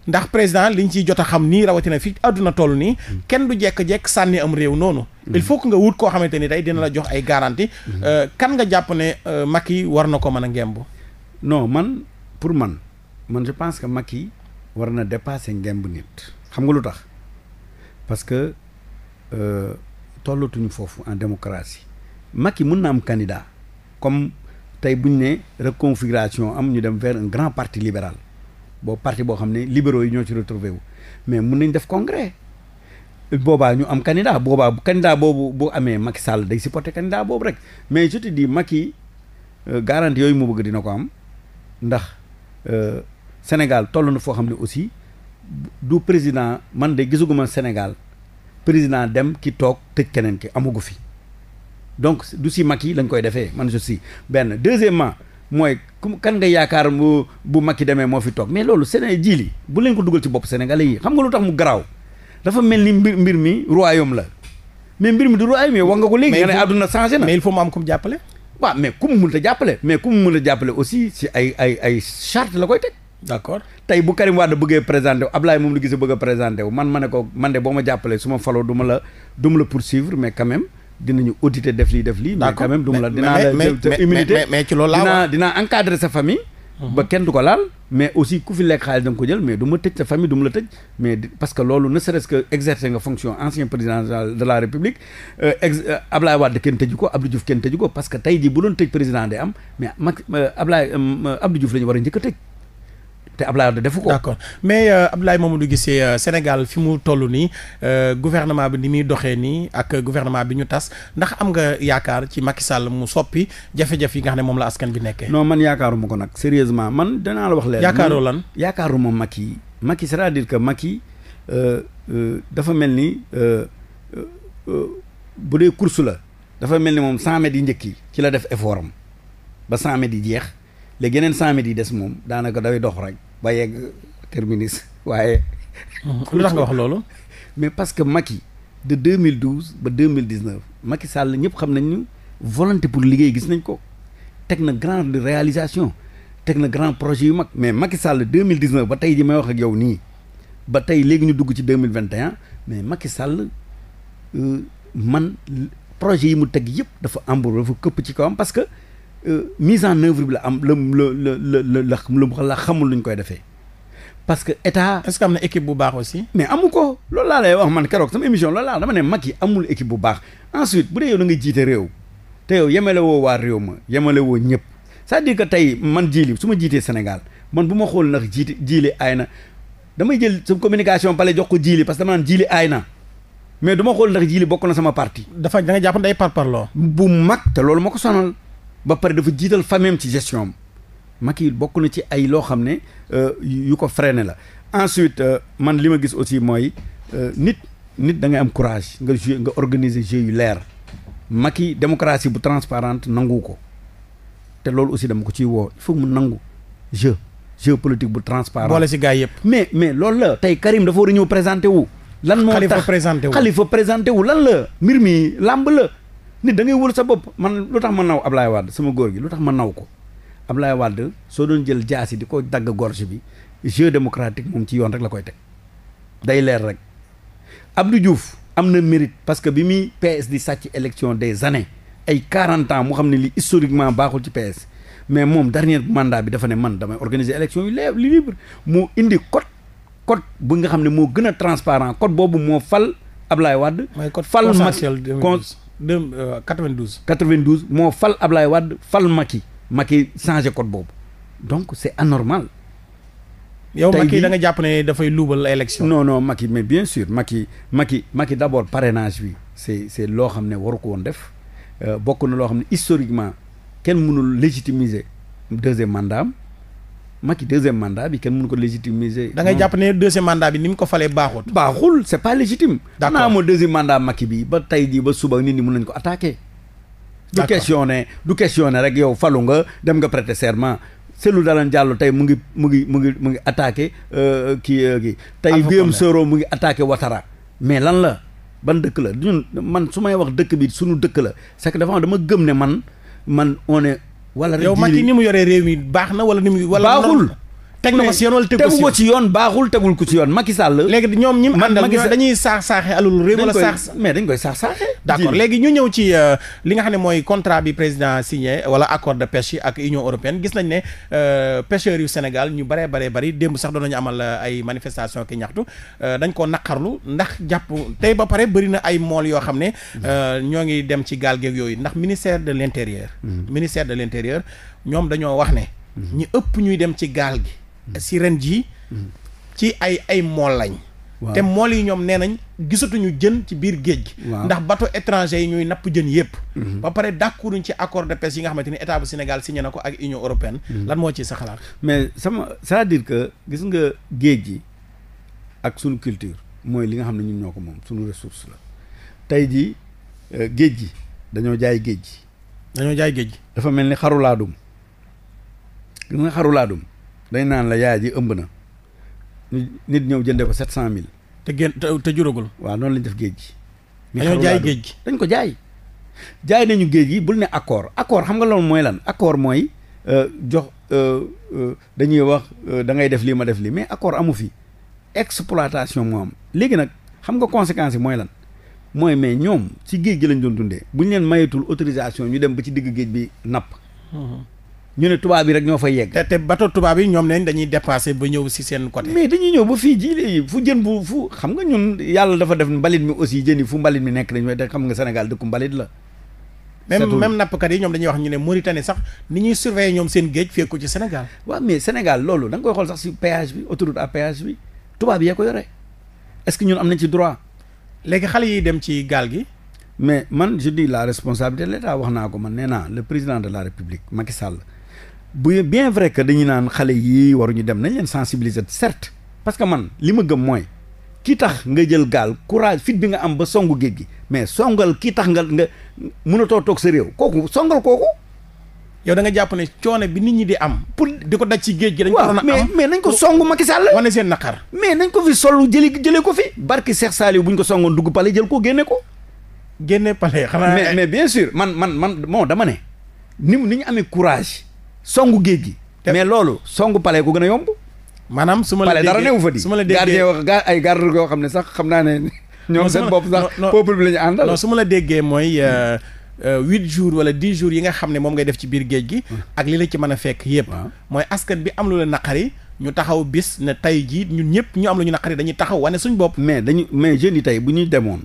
ndax président liñ ciy jot a xam nii rawatina fi àdduna toll nii kenn du jekk-jekk sànni am réew noonu il faut que nga wut koo xamante ni tey dina la jox ay garantie kan nga jàpp ne Macky war na ko mën a ngemb non man pour man man je pense que Macky war na dépasser ngemb nit xam nga lu tax parce que euh, tollatuñu foofu en démocratie Macky mën na am candidat comme tey bu ñu ne reconfiguration am ñu dem vers un grand parti libéral boo parti boo xam ne libéraux yi ñoo ci retrouver wu mais mun nañ def congrès boobaa ñu am candidat boobaa candidat boobu boo amee Macky Sall day supporter candidat boobu rek mais je te dis Macky euh, garanti yooyu mu bëgg dina ko am ndax euh, Sénégal toll na foo xam ne aussi du président man de gisuguma Sénégal président dem ki toog tëj keneen ki amugu fi donc du si Macky lañ koy defee man je suis benn deuxièmement mooy kan nga yaakaar bu bu Macky demee moo fi toog mais loolu Sénégal ji li bu leen ko dugal ci bopp sénégalais yi xam nga lu tax mu garaaw dafa mel ni mbir mbir mi royaume la mais mbir mi du royaume yi wax nga ko léegi nga ne àdduna changé na mais il faut mu am ku mu jàppale waaw mais ku mun mënta jàppale mais ku mu mënta jàppale aussi si ay ay ay charte la koy teg d'accord tey bu Karim Wade bëggee présenté wu Ablaye moom la gis bëgg a présenté ma ne ko man de boo ma ma faloo ma la du ma la poursuivre mais quand même dinañu auditer def lii def lii. mais quand même la dinaa la sa immunité mais ci loolu laa dinaa encadrer sa famille. Mhm. ba ko laal mais aussi ku fi lekk xaalis da nga jël mais du ma tëj sa la tëj mais parce que loolu ne serait-ce que exercer nga fonction ancien président de la république euh, ex euh, Ablaye Wade ko Abdou Diouf kenn tëju ko parce que tey jii bu doon tëj président am mais mag euh, Ablaye Abdou Diouf la ñu war a njëkk a tëj te Ablaye Wade defu ko. d'accord mais euh, Abdoulaye Mamadou Guissé euh, Sénégal fi mu toll nii euh, gouvernement bi ni muy doxee nii ak gouvernement bi ñu tas ndax am nga yaakaar ci Macky Sall mu soppi jafe-jafe yi nga xam ne moom la askan bi nekkee. noo man yaakaaruma ko nag sérieusement man danaa la wax leen. yaakaaroo lan yaakaaruma Macky. Macky c'est-à-dire que Macky dafa mel ni bu dee course la dafa mel ni moom cent mètres yi njëkk ci la def effort am ba cent mètres yi jeex. léegi yeneen cent yi des moom daanaka day dox rek ba yegg terminus waaye. lu tax nga wax loolu. mais parce que Macky de 2012 ba 2019 Macky Sall ñëpp xam nañ ñu volonté pour liggéey gis nañ ko teg na grande réalisation teg na grand projet yu mag. mais Macky Sall 2019 ba tey ji may wax ak yow nii ba tey léegi ñu dugg ci 2021 mais Macky Sall euh, man projet yi mu teg yëpp dafa embourbe dafa këpp ci kawam parce que. Euh, mise en œuvre bi la am la la la la la xamul luñ koy defee parce que état. est-ce que na équipe bu baax si mais amu ko loolu laa lay wax man keroog sama émission loolu laa dama ne Macky amul équipe bu baax ensuite bu dee yow da nga jiite réew te yow yemale woo waa réew ma yemale woo ñëpp c'est-à-dire que tey man jiili su ma jiitee Sénégal man bu ma xool ndax jiite jiili ay na damay jël sa communication pale jox ko jiili parce que dama jiili aay na. mais du xool ndax jiili bokk na sama parti. dafa da nga par par day bu mag te loolu ma ko sonal ba pare dafa jiital famille ci gestion am Macky bokk na ci ay loo xam ne euh, yu ko freiné la ensuite euh, man li ma gis aussi mooy euh, nit nit da ngay am courage nga jouer nga organiser jeu yu leer Macky démocratie bu transparente nangu ko te loolu aussi dama ko ciy woo il faut mu nangu jeu jeu politique bu transparent. boole si gars yëpp. mais mais loolu la. tey Karim dafa war a ñëw présenté wu. lan tax Khalifa wu Khalifa présenté wu lan la. mbir mi làmb la. nit da ngay sa bopp man lu tax ma naw Ablaye Wade sama góor gi lu tax ma naw ko Ablaye Wade soo doon jël jaas yi di ko dagg gorge bi jeu démocratique moom ci yoon rek la koy teg day leer rek Abdou Diouf am na mérite parce que bi muy PS di sàcc élection des années ay 40 ans mu xam ne li historiquement baaxul ci PS mais moom dernier mandat bi dafa ne man damay organiser élection yu leer libre moo indi code code bu nga xam ne moo gën a transparent code boobu moo fal Ablaye Wade. mooy code fal Macky 92. 92 euh, moo fal Ablaye Wade fal Macky Macky changé code boobu donc c'est anormal. yow Macky da nga jàpp ne dafay luubal élection. non non Macky mais bien sûr Macky Macky Macky d'abord parrainage wi c'est c'est loo xam ne waru ko woon def euh, bokk na loo xam ne historiquement kenn mënul légitimiser deuxième manda am Macky deuxième mandat bi kenn mënu ko légitimiser. da ngay jàpp ne deuxième mandat bi ni mu ko falee baaxut. baaxul c'est pas légitime. d'accord naa moo deuxième mandat Macky bi ba tey jii ba suba nit ñi mën nañu ko attaquer. du question ne du question ne rek yow falu nga dem nga prêter serment. Cellou Dalein Diallo tey mu ngi mu ngi mu ngi mu ngi attaqué euh, kii euh, kii tey Guillaume Soro mu ngi attaqué Ouattara mais lan la ban dëkk la ñun man su may wax dëkk bi suñu dëkk la c'est que dafa dama gëm ne man man on wala rek yow Macky ni mu yoree réew mi baax na wala ni mu. wala baaxul teg na ko ci tegu ko ci yoon baaxul tegul ko ci yoon Macky Sall. léegi ñoom ñi mu àndal dañuy saax saaxe alul réew wala saax mais dañ koy saax saaxe. d'accord léegi ñu ñëw ci euh, li nga xam ne mooy contrat bi président signé wala accord de pêche yi ak Union européenne gis nañ ne euh, pêcheurs yu Sénégal ñu baree baree bari démb sax doon nañu amal euh, ay manifestation ki ñaxtu dañ ko naqarlu ndax jàpp tey ba pare bëri na ay mool yoo xam ne ñoo ngi dem ci gaal geeg yooyu ndax ministère de l'intérieur mm-hmm. ministère de l'intérieur ñoom dañoo wax ne ñi ëpp ñuy dem ci gaal gi si ren jii ci ay ay mool lañ te mool yi ñoom nee nañ gisatuñu jën ci biir géej gi ndax bato étranger yi ñuy napp jën yépp mhm. ba pare d'accorduñ ci accord de pêche yi nga xamante ni état bu Sénégal signé na ko ak Union européenne mhm. lan moo ci sa xalaat mais sama c'est-à-dire que gis nga géej gi ak sunu culture mooy li nga xam ne ñun ñoo ko moom suñu ressource la tey jii euh, géej gi dañoo jaay géej gi dañoo jaay géej gi dafa mel ni xarulaadum gis nga xarulaadum dañ naan la yaay ji ëmb na nit ñëw jëndee ko sept cent mille. te génn te te juragul. waaw noonu lañ def géej gi. dañoo géej gi dañ ko jaay. jaay nañu géej gi bul ne accord accord xam nga loolu mooy lan accord mooy euh, jox euh, euh, dañuy wax da ngay def lii ma def lii mais accord amu fi exploitation moo am léegi nag xam nga conséquences mooy lan mooy mais ñoom ci géej gi lañ doon dundee bu ñu leen mayeetul autorisation ñu dem ba ci digg géej bi napp. Mm-hmm. ñu ne tubaab yi rek ñoo fay yegg. te bato tubaab yi ñoom lañ dañuy dépassé ba ñëw si seen côté. mais dañuy ñëw ba fii ji léegi fu jën bu fu xam nga ñun yàlla dafa def mbalit mi aussi jën yi fu mbalit mi nekk dañu te xam nga Sénégal dëkku mbalit la. même même nappkat yi ñoom dañuy wax ñu ne Mauritanie sax ni ñuy surveiller ñoom seen géej fekku ci Sénégal. waaw mais Sénégal loolu da koy xool sax si péage bi a à péage bi tubaab yee ko yore est-ce que ñun am nañ ci droit. léegi xale yiy dem ci gaal gi. mais man je dis la responsabilité de l'État wax naa ko man nee naa le président de la République Macky Sall bu bien vrai que dañu naan xale yii waruñu dem nañ leen sensibiliser certes parce que man li ma gëm mooy ki tax nga jël gaal courage fit bi nga am ba songu géej gi mais songal ki tax nga nga mënatoo toog sa kooku songal kooku. yow da nga jàpp ne coono bi nit ñi di am. pour di ko daj ci géej gi. dañ ko doon am mais mais nañ ko songu Macky Sall. wane seen na naqar. mais nañ ko fi sol jëli jëlee ko fi. barki Cheikh Saliou bu ñu ko songoon dugg pale jël ko génne ko. génne pale xanaa mais mais bien sûr man man man moo dama ne ni ni ñu amee courage. songu géej gi. mais loolu songu palais ko gën a yomb. maanaam su ma la déggee palais dara newu fa di. su la déggee gardien wax gar ay garde yoo xam ne sax xam naa ne. ñoom seen bopp sax peuple bi la ñu la déggee mooy. Euh, euh, huit jours wala dix jours yi nga xam ne moom ngay def ci biir géej gi ak li la ci mën a fekk yëpp mooy askan bi am lu la naqari ñu taxaw bis ne tay jii ñun ñëpp ñu am lu naqari dañuy taxaw wane suñ bopp mais dañu mais jeunes yi tey bu ñuy demoon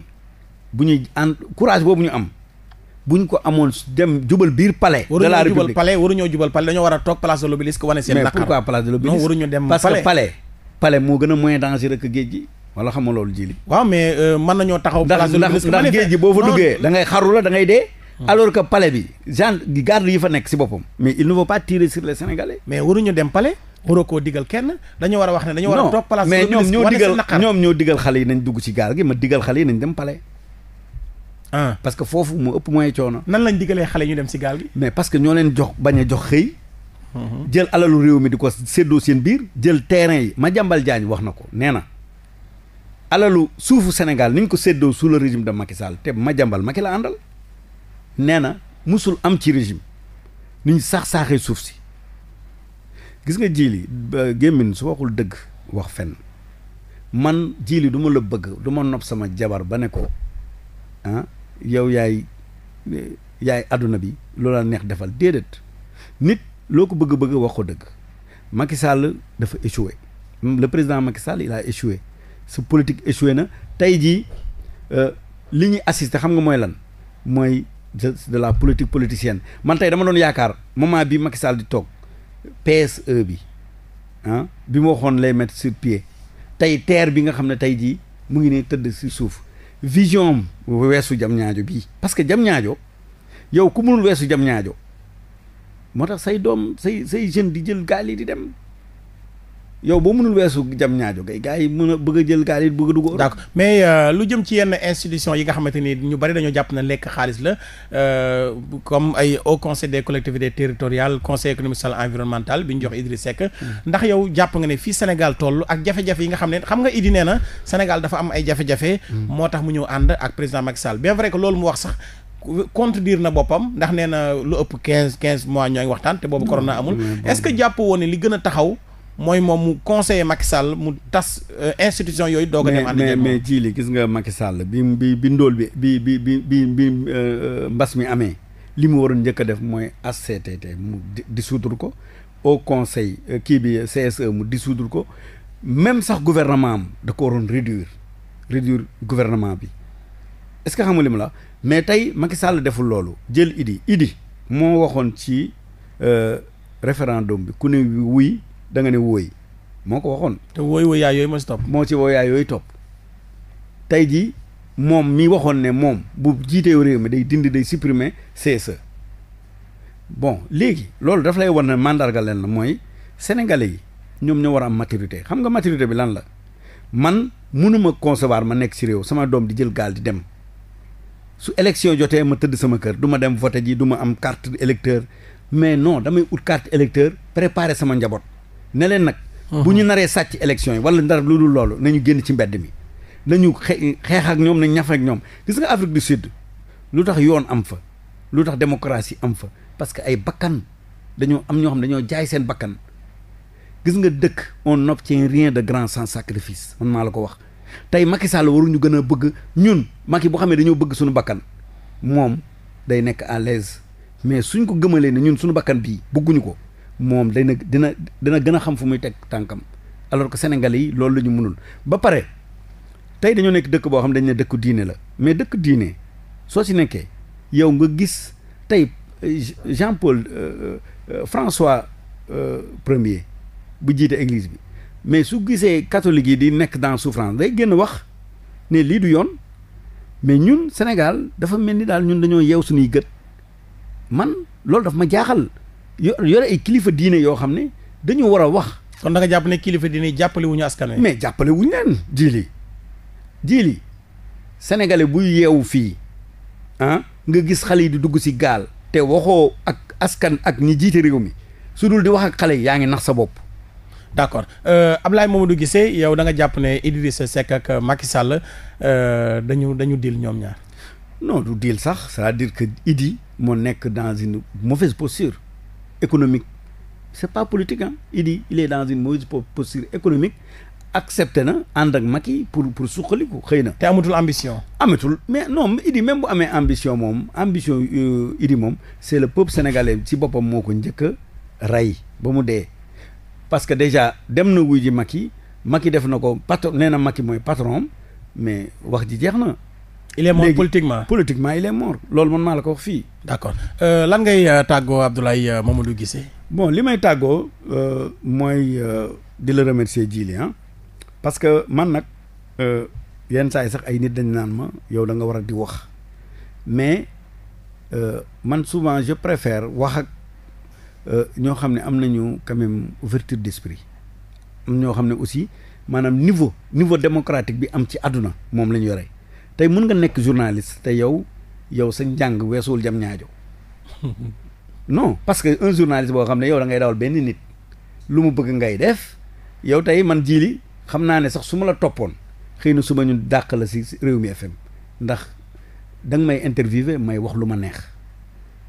bu ñuy ànd courage boobu ñu am buñ ko amoon dem jubal biir palais. de la république waruñoo jubal palais waruñoo jubal palais dañoo war a toog place de l'obélisque wane seen. naqar mais pourquoi place de l'obélisque non waruñu dem. parce que palais palais moo gën a moins dangereux que géej gi. wala xam nga loolu ji li. waaw mais euh, mën nañoo taxaw. place de l'obélisque ndax géej gi boo fa duggee da ngay xaru la da ngay dee. Hmm. alors que palais bi genre garde yi fa nekk si boppam. mais il ne faut pas tirer sur les sénégalais. mais waruñu dem palais. waroo koo digal kenn dañoo war a wax ne dañoo war a toog place de l'obélisque wane seen naqar mais ñoom ñoo digal ñoom ñoo digal xale yi nañ dugg ci gaal gi ma digal xale yi nañ dem palais Ah. parce que foofu mu ëpp mooy coono. nan lañ digalee xale ñu dem si gaal gi. mais parce que ñoo leen jox bañ a jox xëy. Mhm. jël alalu réew mi di ko séddoo seen biir. jël terrain yi ma jàmbal jaañ wax na ko nee na alalu suufu Sénégal ni ñu ko seddoo sous le régime de Macky Sall te ma jàmbal Macky la àndal nee na musul am ci régime ni ñu saax saaxee suuf si gis nga li gémmin su waxul dëgg wax fenn man jiili du ma la bëgg du ma nopp sama jabar ba ne ko ah, yow yaay yaay àdduna bi loolu loola neex defal déedéet nit loo ko bëgg-bëgg wax ko dëgg Macky Sall dafa échoué le président Macky Sall il a échoué sa politique échoué na tey jii euh, li ñuy assisté xam nga mooy lan mooy de la politique politicienne man tey dama doon yaakaar moment bi Macky Sall di toog PSE bi ah bi mu waxoon lay mettre sur pied tey terre bi nga xam ne tey jii mu ngi ne tëdd si suuf vision am weesu jam ñaajo bii parce que jam ñaajo yow ku mënul weesu jam ñaajo moo tax say doom say say jeune di jël gaal yi di dem yow boo mënul weesu jam ñaajo kay gars yi mën a bëgg a jël gaal yi bëgg a dugg. d'accord mais euh, lu jëm ci yenn institution yi nga xamante ni ñu bari dañoo jàpp na lekk xaalis la euh, comme ay au conseil des collectivités territoriales conseil économique social environnemental bi ñu jox Idriss Seck. Hmm. ndax yow jàpp nga ne fii Sénégal toll ak jafe-jafe yi nga xam ne xam nga Idi nee na Sénégal dafa am ay jafe-jafe. Hmm. moo tax mu ñëw ànd ak président Macky Sall bien vrai que loolu mu wax sax. contredire na boppam ndax nee na lu ëpp quinze quinze mois ñooy waxtaan te boobu corona amul est-ce que jàpp woon ne li gën a taxaw mooy moom mu conseiller Macky Sall mu tas euh, institution yooyu. doog a dem mais mais ji gis nga Macky Sall bi bi bi ndóol bi bi bi bi bi bi euh, euh, mbas mi amee li mu waroon njëkk a def mooy HCCT mu di dissoudre ko au conseil kii bi CSE mu dissoudre ko même sax gouvernement da ko waroon réduire réduire gouvernement bi est-ce que xam nga li mu la mais tey Macky Sall deful loolu jël Idi Idi moo waxoon ci référendum bi ku ne wuy. da nga ne wooy moo ko waxoon. te wóoy wóoyaay yooyu moo si topp. moo si wóoyaay yooyu topp tey jii moom mi waxoon ne moom bu jiitee réew mi day dindi day supprimer CSE bon léegi loolu daf lay war ne màndarga leen la mooy sénégalais yi ñoom ñoo war a am maturité xam nga maturité bi lan la man mënuma concevoir ma nekk si réew sama doom di jël gaal di dem su élection jotee ma tëdd sama kër duma dem voté ji duma am carte électeur mais non damay ut carte électeur préparer sama njaboot ne leen nag. bu ñu naree sàcc élection yi wala ndar lu dul loolu nañu génn ci mbedd mi. nañu xeex ak ñoom nañ ñaf ak ñoom gis nga Afrique du Sud lu tax yoon am fa lu tax démocratie am fa parce que ay bakkan dañoo am ñoo xam dañoo jaay seen bakkan gis nga dëkk on n'obtient rien de grand sans sacrifice man maa la ko wax. tey Macky Sall waruñu gën a bëgg ñun Macky boo xamee dañoo bëgg suñu bakkan moom day nekk à l'aise mais suñ ko gëmalee ne ñun suñu bakkan bii bëgguñu ko. moom dina dina dina gën a xam fu muy teg tànkam alors que sénégalais yi loolu lañu ñu mënul ba pare tey dañoo nekk dëkk boo xam dañ ne dëkku diine la mais dëkk diine soo ci nekkee yow nga gis tey euh, Jean Paul euh, euh, François euh, premier bu jiite église bi mais su gisee catholique yi di nekk dans souffrance day génn wax ne lii du yoon mais ñun Sénégal dafa mel ni daal ñun dañoo yeew suñuy gët man loolu daf ma jaaxal yore ay kilifa diine yoo xam ne dañu war a wax. kon da nga jàpp ne kilifa diine jàppale wuñu askan wi. mais jàppale wuñu leen jiili jiili sénégalais buy yeewu fii ah, nga gis xale yi di dugg si gaal. te waxoo ak askan ak ñi jiite réew mi su dul di wax ak xale yi yaa ngi nax sa bopp. d' accord euh, Abdoulaye Mamadou Guissé yow da nga jàpp ne Idrissa Seck ak Macky Sall euh, dañu dañu dil ñoom ñaar. non diil sax c' est dire que Idi moo nekk dans une mauvaise posture. économique c'est pas politique ah Idi il est dans une mauvaise posture économique accepté na ànd ak Macky pour pour suqaliku xëy na. te amatul ambition. amatul mais non Idi même bu amee ambition moom ambition euh, Idi moom c'est le peuple sénégalais si boppam moo ko njëkk ray ba mu dee parce que déjà dem na wuy ji Macky Macky def na ko patron nee na Macky mooy patron mais wax ji jeex na. il est mort politiquement politiquement il est mort loolu man maa la ko fii. d' accord euh, lan ngay euh, tàggoo Abdoulaye euh, Mamadou gisee bon li may tàggoo mooy di la remercier Djily ah parce que man nag yenn saa yi sax ay nit dañ naan ma yow da nga war a di wax mais man souvent je préfère wax ak ñoo xam ne am nañu quand même ouverture d' esprit am ñoo xam ne aussi maanaam niveau niveau démocratique bi am ci àdduna moom la ñu yore. tey mun nga nekk journaliste te yow yow sa njàng weesuwul jam ñaajo non parce que un journaliste boo xam ne yow dangay dawal benn nit lu mu bëgg ngay def yow tey man jiili xam naa ne sax su ma la toppoon xëy na suba ñu dàq la si réew ndax da may interviewé may wax lu ma neex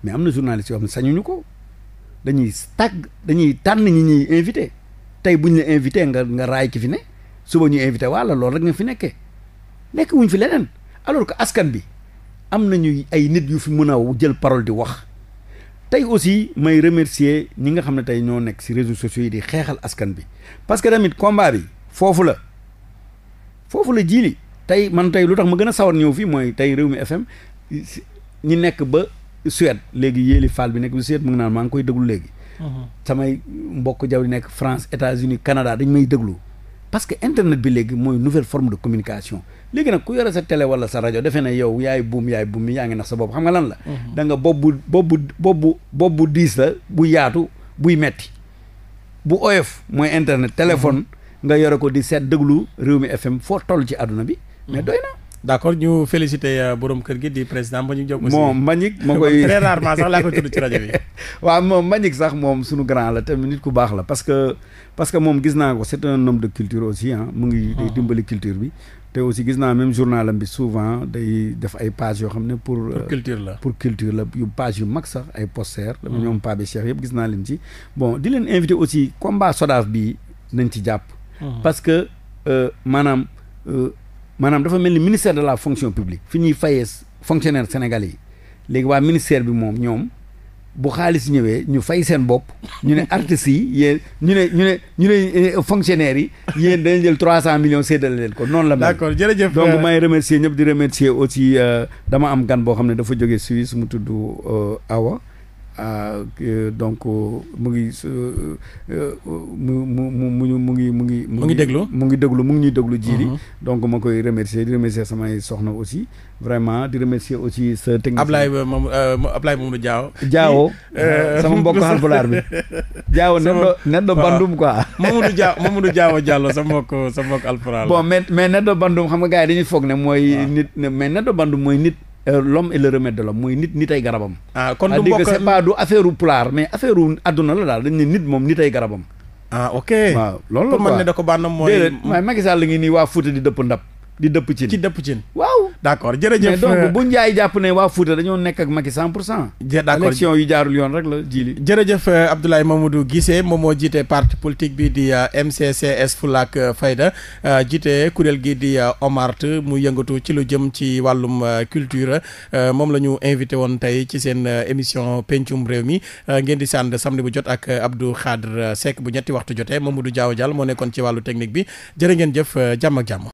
mais am na journaliste yoo xam sañuñu ko dañuy tàgg dañuy tànn ñi ñuy invité tey buñ la invité nga nga raay ki fi ne suba ñu invité walla loolu nga fi nekkee nekk wuñ fi leneen alors que askan bi am nañu ay nit yu fi mën a jël parole di wax tey aussi may remercier ñi nga xam ne tey ñoo nekk ci réseau sociaux yi di xeexal askan bi parce que tamit combat bi foofu la foofu la jiili tey man tey lu tax ma gën a sawar ñëw fii mooy tey réew mi FM ñi nekk ba Suède léegi yéeli faal bi nekk ba Suède mu ngi naan maa ngi koy déglu léegi. Mhm. samay mbokk jaww di nekk France États-Unis Canada dañ may déglu. parce que internet bi léegi mooy nouvelle forme de communication léegi nag ku yore sa télé wala sa rajo defe ne yow yaay buum yaay buum yaa ngi nax sa bopp xam nga lan la. Mhm. da nga boobu bu boobu boobu diis la bu yaatu buy metti bu oyof mooy internet téléphone mhm. nga yore ko di seet déglu réew mi FM foo toll ci àdduna bi. mais mhm. doy na. d' accord ñu félicité euh, borom kër gi di président Mbagnick Diop. moom Mbagnick ma koy très rarement sax laa koy tudd ci rajo bi. waaw moom Mbagnick sax moom suñu grand la tamit nit ku baax la parce que parce que moom gis naa ko c' est un homme de culture aussi ah. mu ngi ah. dimbali culture bi. te aussi gis naa même journal am bi souvent day def ay page yoo xam ne pour. pour euh, culture la pour culture la yu page yu mag sax ay posters. Ah. ñoom Pape Cheikh yëpp gis naa leen ci. bon di leen invité aussi combat SODAV bi nañ ci jàpp. Ah. que euh, maanaam. maanaam dafa mel ni ministère de la fonction publique fi ñuy fayee fonctionnaire sénégalais yi léegi waa ministère bi moom ñoom bu xaalis ñëwee ñu fay seen bopp ñu ne artistes yi ñu ne ñu ne ñu ne euh, fonctionnaires yi yéen dañu jël trois cent millions séddale leen ko noonu la mel. d'accord jërëjëf donc euh, may remercier ñëpp di remercier aussi euh, dama am gan boo xam ne dafa jógee Suisse mu tuddu Awa. Euh, donc euh, mu ngi euh, mu mu mu mu ngi mu ngi. mu ngi déglu mu ngi déglu mu ngi ñuy déglu jiiri. Mhm. donc ma koy remercier di remercier samay soxna aussi vraiment di remercier aussi sa technicien. Ablaye moom Ablaye Mamadou Diaw. Diaw sama mbokk Haalpulaar bi Diaw neddoo neddoo bandum quoi. Mamadou Diaw Mamadou Diaw sama sa mbokk sa bon mais mais neddoo bandum xam nga gars yi dañuy foog ne mooy. nit mais neddoo bandum mooy nit. Euh, l'homme est le remède mooy nit nit ay garabam. ah kon du mbokk c'est pas du affaire u pulaar mais affaire u àdduna la daal dañ ne nit moom nit ay garabam. ah ok waaw loolu la quoi man ne da ko bànnam mooy. déedéet waaye Macky Sall ngi nii waa Fouta di dëpp ndab. di dëpp cin ci dëpp cin waaw d'accord jërëjëf mais donc euh, bu Ndiaye jàpp ne waa Fouta dañoo nekk ak Macky 100 pour cent d'accord élection yu jaarul yoon rek la ji li jërëjëf euh, Abdoulaye Mamadou Guissé moom moo jiite parti politique bi di euh, MCCS Fulak Fayda jiite kuréel gi di Omart mu yëngatu ci lu jëm ci wàllum culture moom la ñu invité woon tey ci seen émission pencum réew mi ngeen di sànd samedi bu jot ak Abdou Khadre Seck bu ñetti waxtu jotee Mamadou Diaw Dial moo nekkoon ci wàllu technique bi jërë jëf jàmm ak